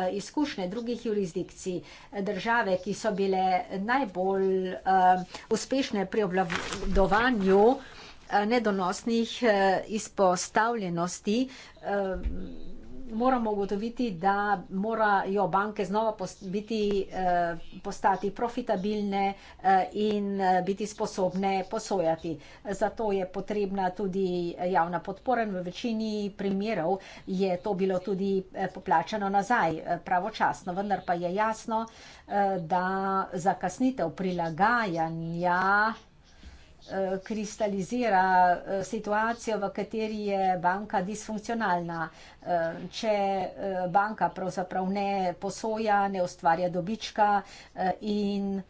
Speaker 3: eh, izkušnje drugih jurisdikcij, eh, države, ki so bile najbolj eh, uspešne pri obvladovanju nedonosnih izpostavljenosti, moramo ugotoviti, da morajo banke znova biti, eh, postati profitabilne eh, in eh, biti sposobne posojati. Zato je potrebna tudi javna podpora in v večini primerov je to bilo tudi poplačano nazaj pravočasno, vendar pa je jasno, da zakasnitev prilagajanja Eh, kristalizira eh, situacijo, v kateri je banka disfunkcionalna. Eh, če banka pravzaprav ne posoja, ne ustvarja dobička in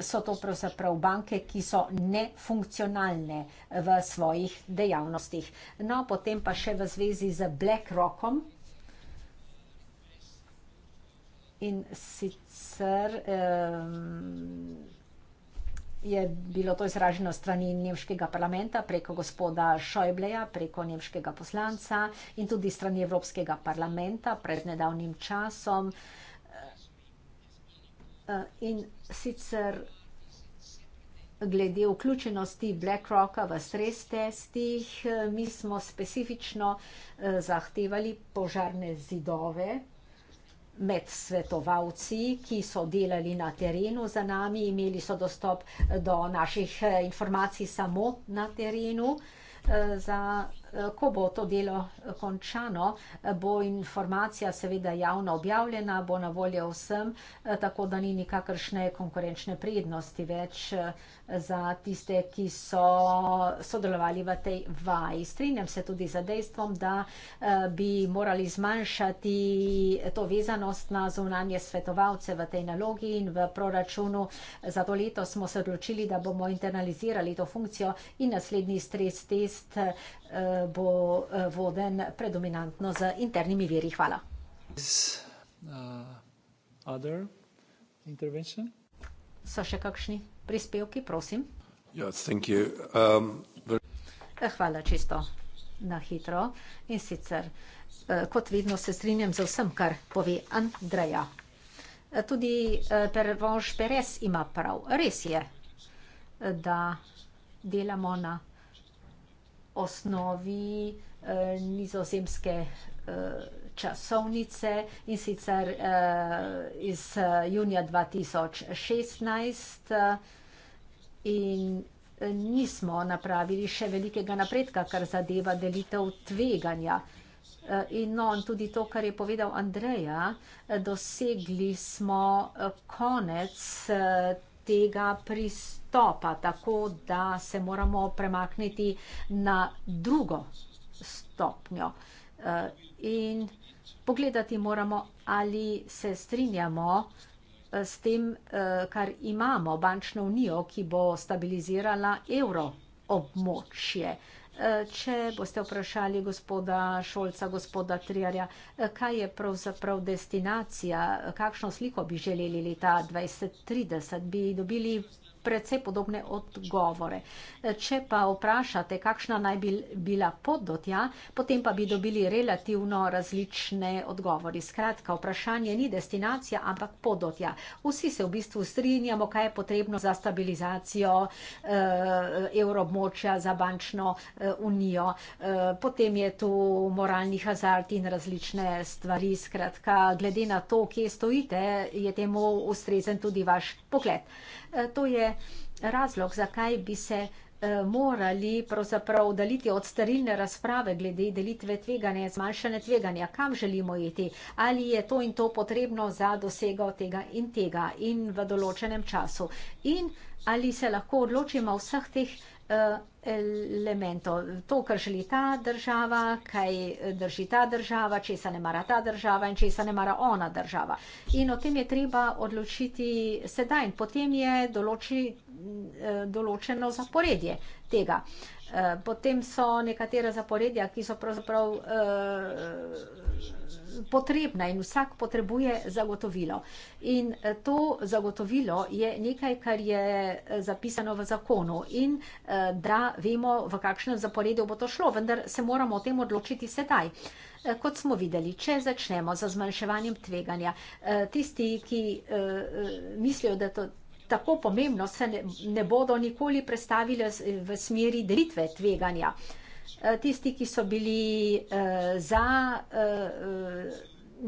Speaker 3: so to pravzaprav banke, ki so nefunkcionalne v svojih dejavnostih. No, potem pa še v zvezi z BlackRockom in sicer je bilo to izraženo strani nemškega parlamenta preko gospoda Šojbleja, preko nemškega poslanca in tudi strani Evropskega parlamenta pred nedavnim časom. Eh, in sicer glede vključenosti BlackRocka v stres testih, eh, mi smo specifično eh, zahtevali požarne zidove, med svetovalci, ki so delali na terenu za nami, imeli so dostop do naših eh, informacij samo na terenu eh, za ko bo to delo eh, končano, eh, bo informacija seveda javno objavljena, bo na voljo vsem, eh, tako da ni nikakršne konkurenčne prednosti več za tiste, ki so sodelovali v tej vaji. Strinjam se tudi za dejstvom, da bi morali zmanjšati to vezanost na zunanje svetovalce v tej nalogi in v proračunu. Za to leto smo se odločili, da bomo internalizirali to funkcijo in naslednji stres test bo eh, voden predominantno z internimi viri. Hvala.
Speaker 2: Uh,
Speaker 3: so še kakšni prispevki, prosim?
Speaker 1: Um,
Speaker 3: eh, hvala čisto na hitro. In sicer, eh, kot vidno, se strinjam za vsem, kar pove Andreja. Tudi Pervož Perez ima prav. Res je, da delamo na prispevki osnovi eh, nizozemske eh, časovnice in sicer eh, iz eh, junija 2016 eh, in eh, nismo napravili še velikega napredka, kar zadeva delitev tveganja. In no, tudi to, kar je povedal Andreja, dosegli smo konec tega pristopa, tako da se moramo premakniti na drugo stopnjo. Eh, in pogledati moramo, ali se strinjamo eh, s tem, eh, kar imamo, bančno unijo, ki bo stabilizirala evro območje če boste vprašali gospoda Šolca, gospoda Trijarja, kaj je pravzaprav destinacija, kakšno sliko bi želeli leta 2030, bi dobili precej podobne odgovore. Če pa vprašate, kakšna naj bi bila pot do tja, potem pa bi dobili relativno različne odgovori. Skratka, vprašanje ni destinacija, ampak pot do tja. Vsi se v bistvu strinjamo, kaj je potrebno za stabilizacijo eh, evroobmočja, za bančno eh, unijo. Eh, potem je tu moralni hazard in različne stvari. Skratka, glede na to, kje stojite, je temu ustrezen tudi vaš pogled. Eh, to je razlog, zakaj bi se eh, morali pravzaprav daliti od sterilne razprave glede delitve tveganja, zmanjšanja tveganja, kam želimo iti, ali je to in to potrebno za dosego tega in tega in v določenem času. In ali se lahko odločimo vseh teh Eh, elementov. To, kar želi ta država, kaj drži ta država, česa ne mara ta država in česa ne mara ona država. In o tem je treba odločiti sedaj in potem je določi, eh, določeno zaporedje tega. Eh, potem so nekatera zaporedja, ki so pravzaprav eh, potrebna in vsak potrebuje zagotovilo. In eh, to zagotovilo je nekaj, kar je zapisano v zakonu in da vemo, v kakšnem zaporedju bo to šlo, vendar se moramo o tem odločiti sedaj. Kot smo videli, če začnemo za zmanjševanjem tveganja, tisti, ki mislijo, da to tako pomembno, se ne, ne bodo nikoli predstavile v smeri delitve tveganja. Eh, tisti, ki so bili uh, za uh,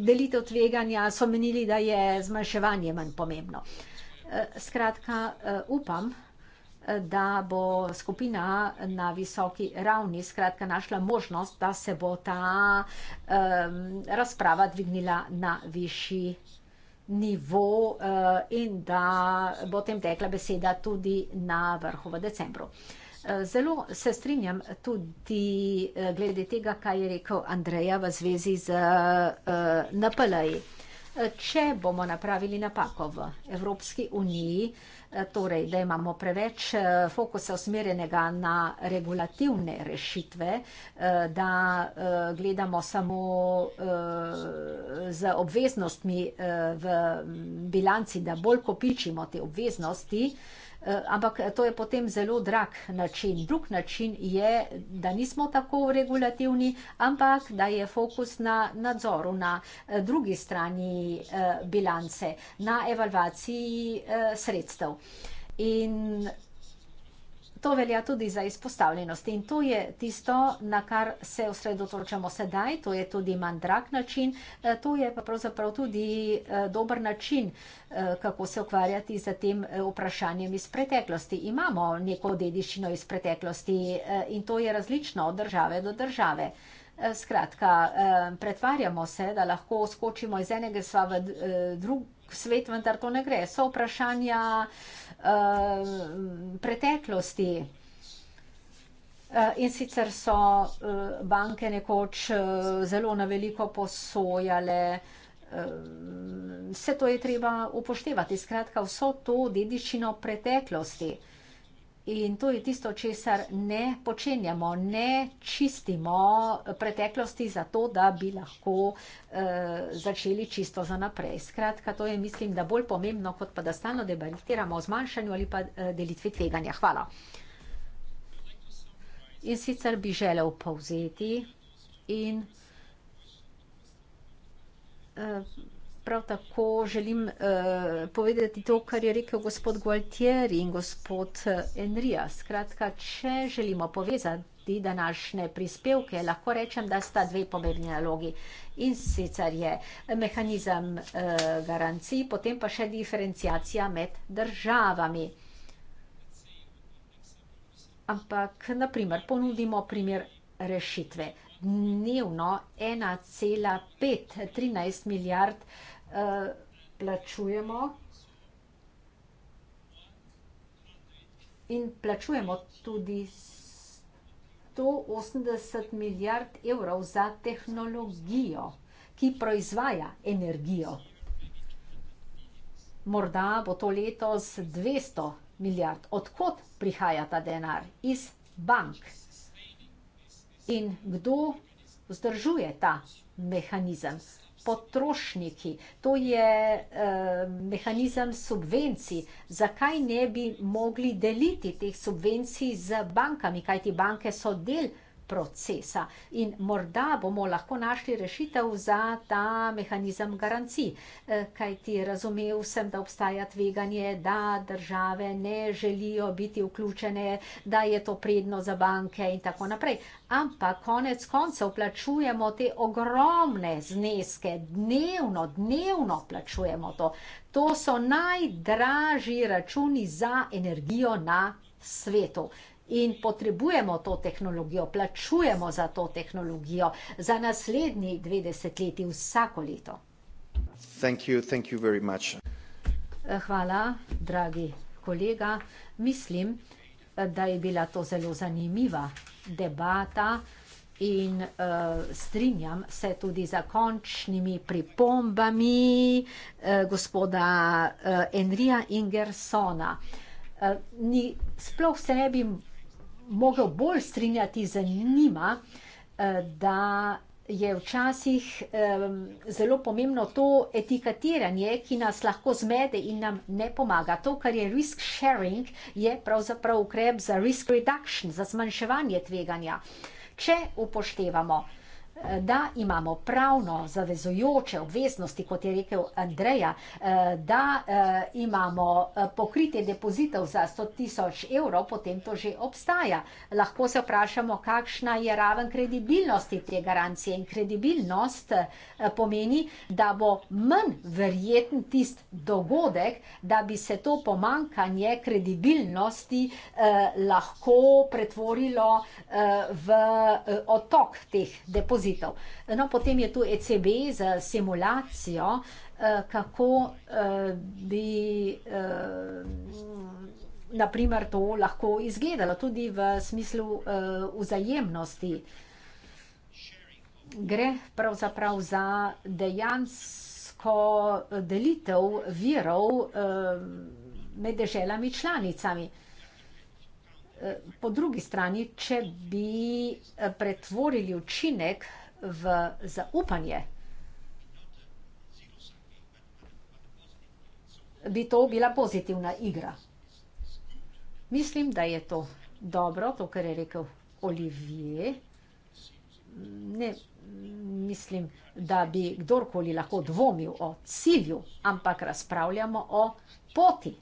Speaker 3: delitev tveganja, so menili, da je zmanjševanje manj pomembno. Uh, skratka, uh, upam, da bo skupina na visoki ravni skratka, našla možnost, da se bo ta um, razprava dvignila na višji ravni nivo eh, in da bo tem tekla beseda tudi na vrhu v decembru. Eh, zelo se strinjam tudi eh, glede tega, kaj je rekel Andreja v zvezi z NPL-ji. Če bomo napravili napako v Evropski uniji, torej, da imamo preveč eh, fokusa usmerjenega na regulativne rešitve, eh, da eh, gledamo samo z obveznostmi v bilanci, da bolj kopičimo te obveznosti, Eh, ampak eh, to je potem zelo drag način. Drug način je, da nismo tako regulativni, ampak da je fokus na nadzoru na eh, drugi strani bilance, na evalvaciji sredstev. In To velja tudi za izpostavljenost in to je tisto, na kar se osredotočamo sedaj, to je tudi manj drag način, eh, to je pa pravzaprav tudi eh, dober način, eh, kako se ukvarjati z tem vprašanjem iz preteklosti. Imamo neko dediščino iz preteklosti in to je različno od države do države. Skratka, pretvarjamo se, da lahko skočimo iz enega sva v drugega, svet, vendar to ne gre. So vprašanja uh, preteklosti. Eh, in sicer so eh, banke nekoč zelo na veliko posojale, vse to je treba upoštevati, skratka vso to dediščino preteklosti. In to je tisto, česar ne počenjamo, ne čistimo preteklosti za to, da bi lahko eh, začeli čisto za naprej. Skratka, to je, mislim, da bolj pomembno, kot pa da stalno debaritiramo o zmanjšanju ali pa eh, delitvi tveganja. Hvala. In sicer bi želel povzeti in. Eh, prav tako želim eh, povedati to, kar je rekel gospod Gualtieri in gospod eh, Enrija. Skratka, če želimo povezati današnje prispevke, lahko rečem, da sta dve pomembni nalogi in sicer je mehanizem eh, garancij, potem pa še diferencijacija med državami. Ampak, naprimer, ponudimo primer rešitve dnevno 1,513 milijard eh, plačujemo in plačujemo tudi 180 milijard evrov za tehnologijo, ki proizvaja energijo. Morda bo to letos 200 milijard. Odkot prihaja ta denar? Iz bank. Iz bank in kdo vzdržuje ta mehanizem. Potrošniki, to je eh, mehanizem subvencij. Zakaj ne bi mogli deliti teh subvencij z bankami, kajti banke so del procesa. In morda bomo lahko našli rešitev za ta mehanizem garancij, e, kaj ti razumev sem, da obstaja tveganje, da države ne želijo biti vključene, da je to predno za banke in tako naprej. Ampak konec koncev plačujemo te ogromne zneske, dnevno, dnevno plačujemo to. To so najdražji računi za energijo na svetu. In potrebujemo to tehnologijo, plačujemo za to tehnologijo za naslednji dve desetletji vsako leto. Thank you, thank you eh, Hvala, dragi kolega. Mislim, eh, da je bila to zelo zanimiva debata in uh, strinjam se tudi za končnimi pripombami uh, gospoda uh, Enrija Ingersona. Uh, ni, sploh se ne bi mogel bolj strinjati z njima, eh, da je včasih zelo pomembno to etiketiranje, ki nas lahko zmede in nam ne pomaga. To, kar je risk sharing, je pravzaprav ukrep za risk reduction, za zmanjševanje tveganja. Če upoštevamo, da imamo pravno zavezujoče obveznosti, kot je rekel Andreja, eh, da eh, imamo eh, pokritje depozitev za 100 tisoč evrov, potem to že obstaja. Lahko se vprašamo, kakšna je raven kredibilnosti te garancije in kredibilnost pomeni, da bo manj verjeten tist dogodek, da bi se to pomankanje kredibilnosti lahko pretvorilo v otok teh depozitev rešitev. No, potem je tu ECB z simulacijo, eh, kako eh, bi eh, naprimer, to lahko izgledalo tudi v smislu vzajemnosti. Gre pravzaprav za dejansko delitev virov med deželami članicami. Po drugi strani, če bi pretvorili učinek v zaupanje. Bi to bila pozitivna igra? Mislim, da je to dobro, to, kar je rekel Olivier. Ne mislim, da bi kdorkoli lahko dvomil o cilju, ampak razpravljamo o poti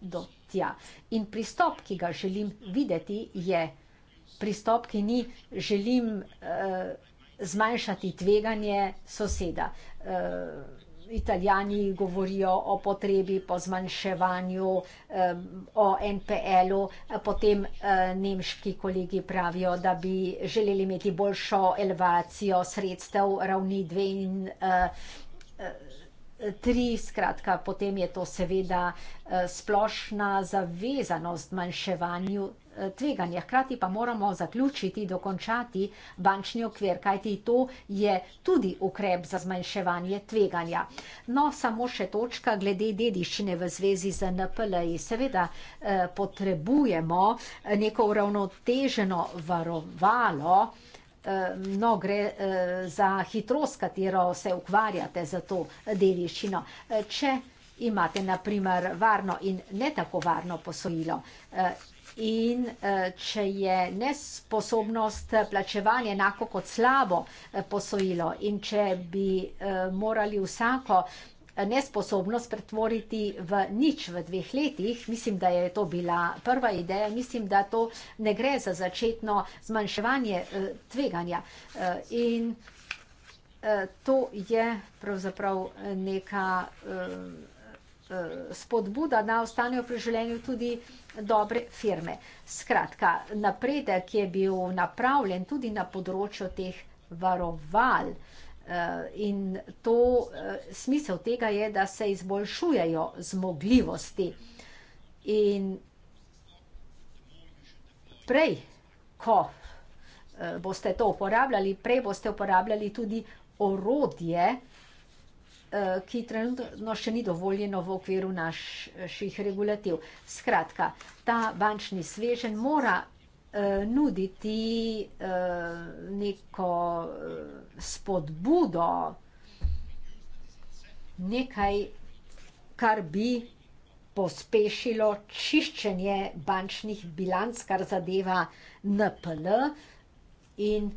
Speaker 3: do tja. In pristop, ki ga želim videti, je pristop, ki ni želim. Uh, zmanjšati tveganje soseda. E, Italijani govorijo o potrebi po zmanjševanju, e, o NPL-u, potem e, nemški kolegi pravijo, da bi želeli imeti boljšo elevacijo sredstev ravni 2 in 3. Skratka, potem je to seveda splošna zavezanost zmanjševanju tveganje. Hkrati pa moramo zaključiti, dokončati bančni okvir, kajti to je tudi ukrep za zmanjševanje tveganja. No, samo še točka glede dediščine v zvezi z NPL-ji. Seveda eh, potrebujemo neko uravnoteženo varovalo. Eh, no, gre eh, za hitrost, katero se ukvarjate za to dediščino. Če imate naprimer varno in ne tako varno posojilo, In eh, če je nesposobnost plačevanja enako kot slabo eh, posojilo in če bi eh, morali vsako nesposobnost pretvoriti v nič v dveh letih, mislim, da je to bila prva ideja, mislim, da to ne gre za začetno zmanjševanje tveganja. In to je pravzaprav neka vsega, Eh, spodbuda, da ostanejo pri življenju tudi dobre firme. Skratka, napredek je bil napravljen tudi na področju teh varoval eh, in to eh, smisel tega je, da se izboljšujejo zmogljivosti. In prej, ko boste to uporabljali, prej boste uporabljali tudi orodje, ki je vse, Eh, ki trenutno še ni dovoljeno v okviru naših regulativ. Skratka, ta bančni svežen mora eh, nuditi eh, neko spodbudo, nekaj, kar bi pospešilo čiščenje bančnih bilanc, kar zadeva NPL in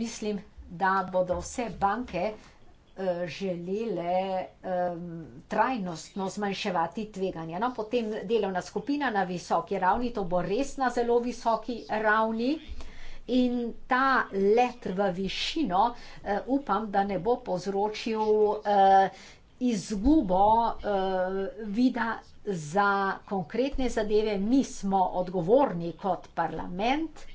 Speaker 3: mislim, da da bodo vse banke eh, želele um, trajnostno zmanjševati tveganja. No, potem delovna skupina na visoki ravni, to bo res na zelo visoki ravni in ta let v višino uh, upam, da ne bo povzročil uh, izgubo uh, vida za konkretne zadeve. Mi smo odgovorni kot parlament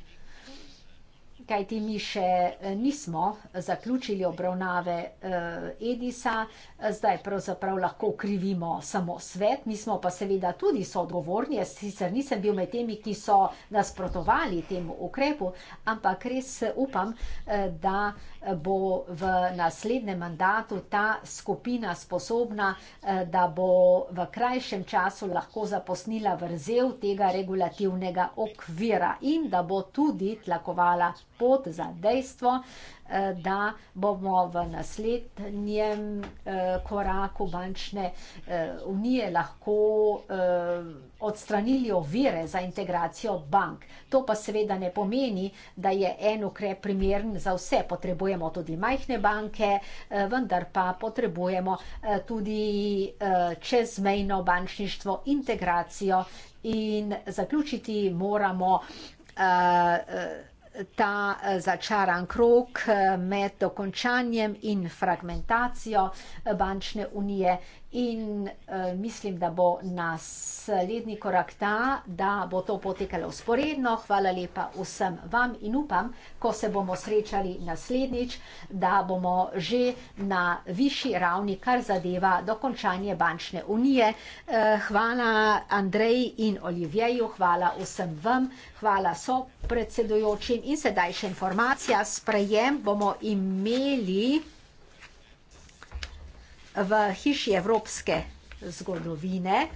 Speaker 3: kajti mi še eh, nismo zaključili obravnave eh, Edisa, eh, zdaj pravzaprav lahko krivimo samo svet, mi smo pa seveda tudi soodgovorni, jaz sicer nisem bil med temi, ki so nasprotovali temu ukrepu, ampak res upam, da bomo bo v naslednjem mandatu ta skupina sposobna, eh, da bo v krajšem času lahko zaposnila vrzel tega regulativnega okvira in da bo tudi tlakovala pot za dejstvo, Eh, da bomo v naslednjem eh, koraku bančne eh, unije lahko odstranili ovire za integracijo bank. To pa seveda ne pomeni, da je en ukrep primern za vse. Potrebujemo tudi majhne banke, vendar pa potrebujemo tudi čezmejno bančništvo, integracijo in zaključiti moramo ta eh, začaran krog eh, med dokončanjem in fragmentacijo eh, bančne unije, In uh, mislim, da bo naslednji korak ta, da bo to potekalo usporedno. Hvala lepa vsem vam in upam, ko se bomo srečali naslednjič, da bomo že na višji ravni, kar zadeva dokončanje bančne unije. Uh, hvala Andreji in Olivjeju, hvala vsem vam, hvala so predsedujočim in sedaj še informacija. Sprejem bomo imeli v hiši evropske zgodovine.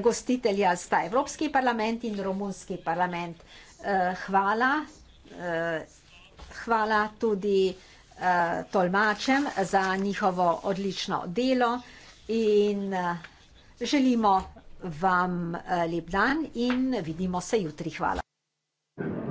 Speaker 3: Gostitelja sta Evropski parlament in Romunski parlament. Hvala, hvala tudi tolmačem za njihovo odlično delo in želimo vam lep dan in vidimo se jutri. Hvala.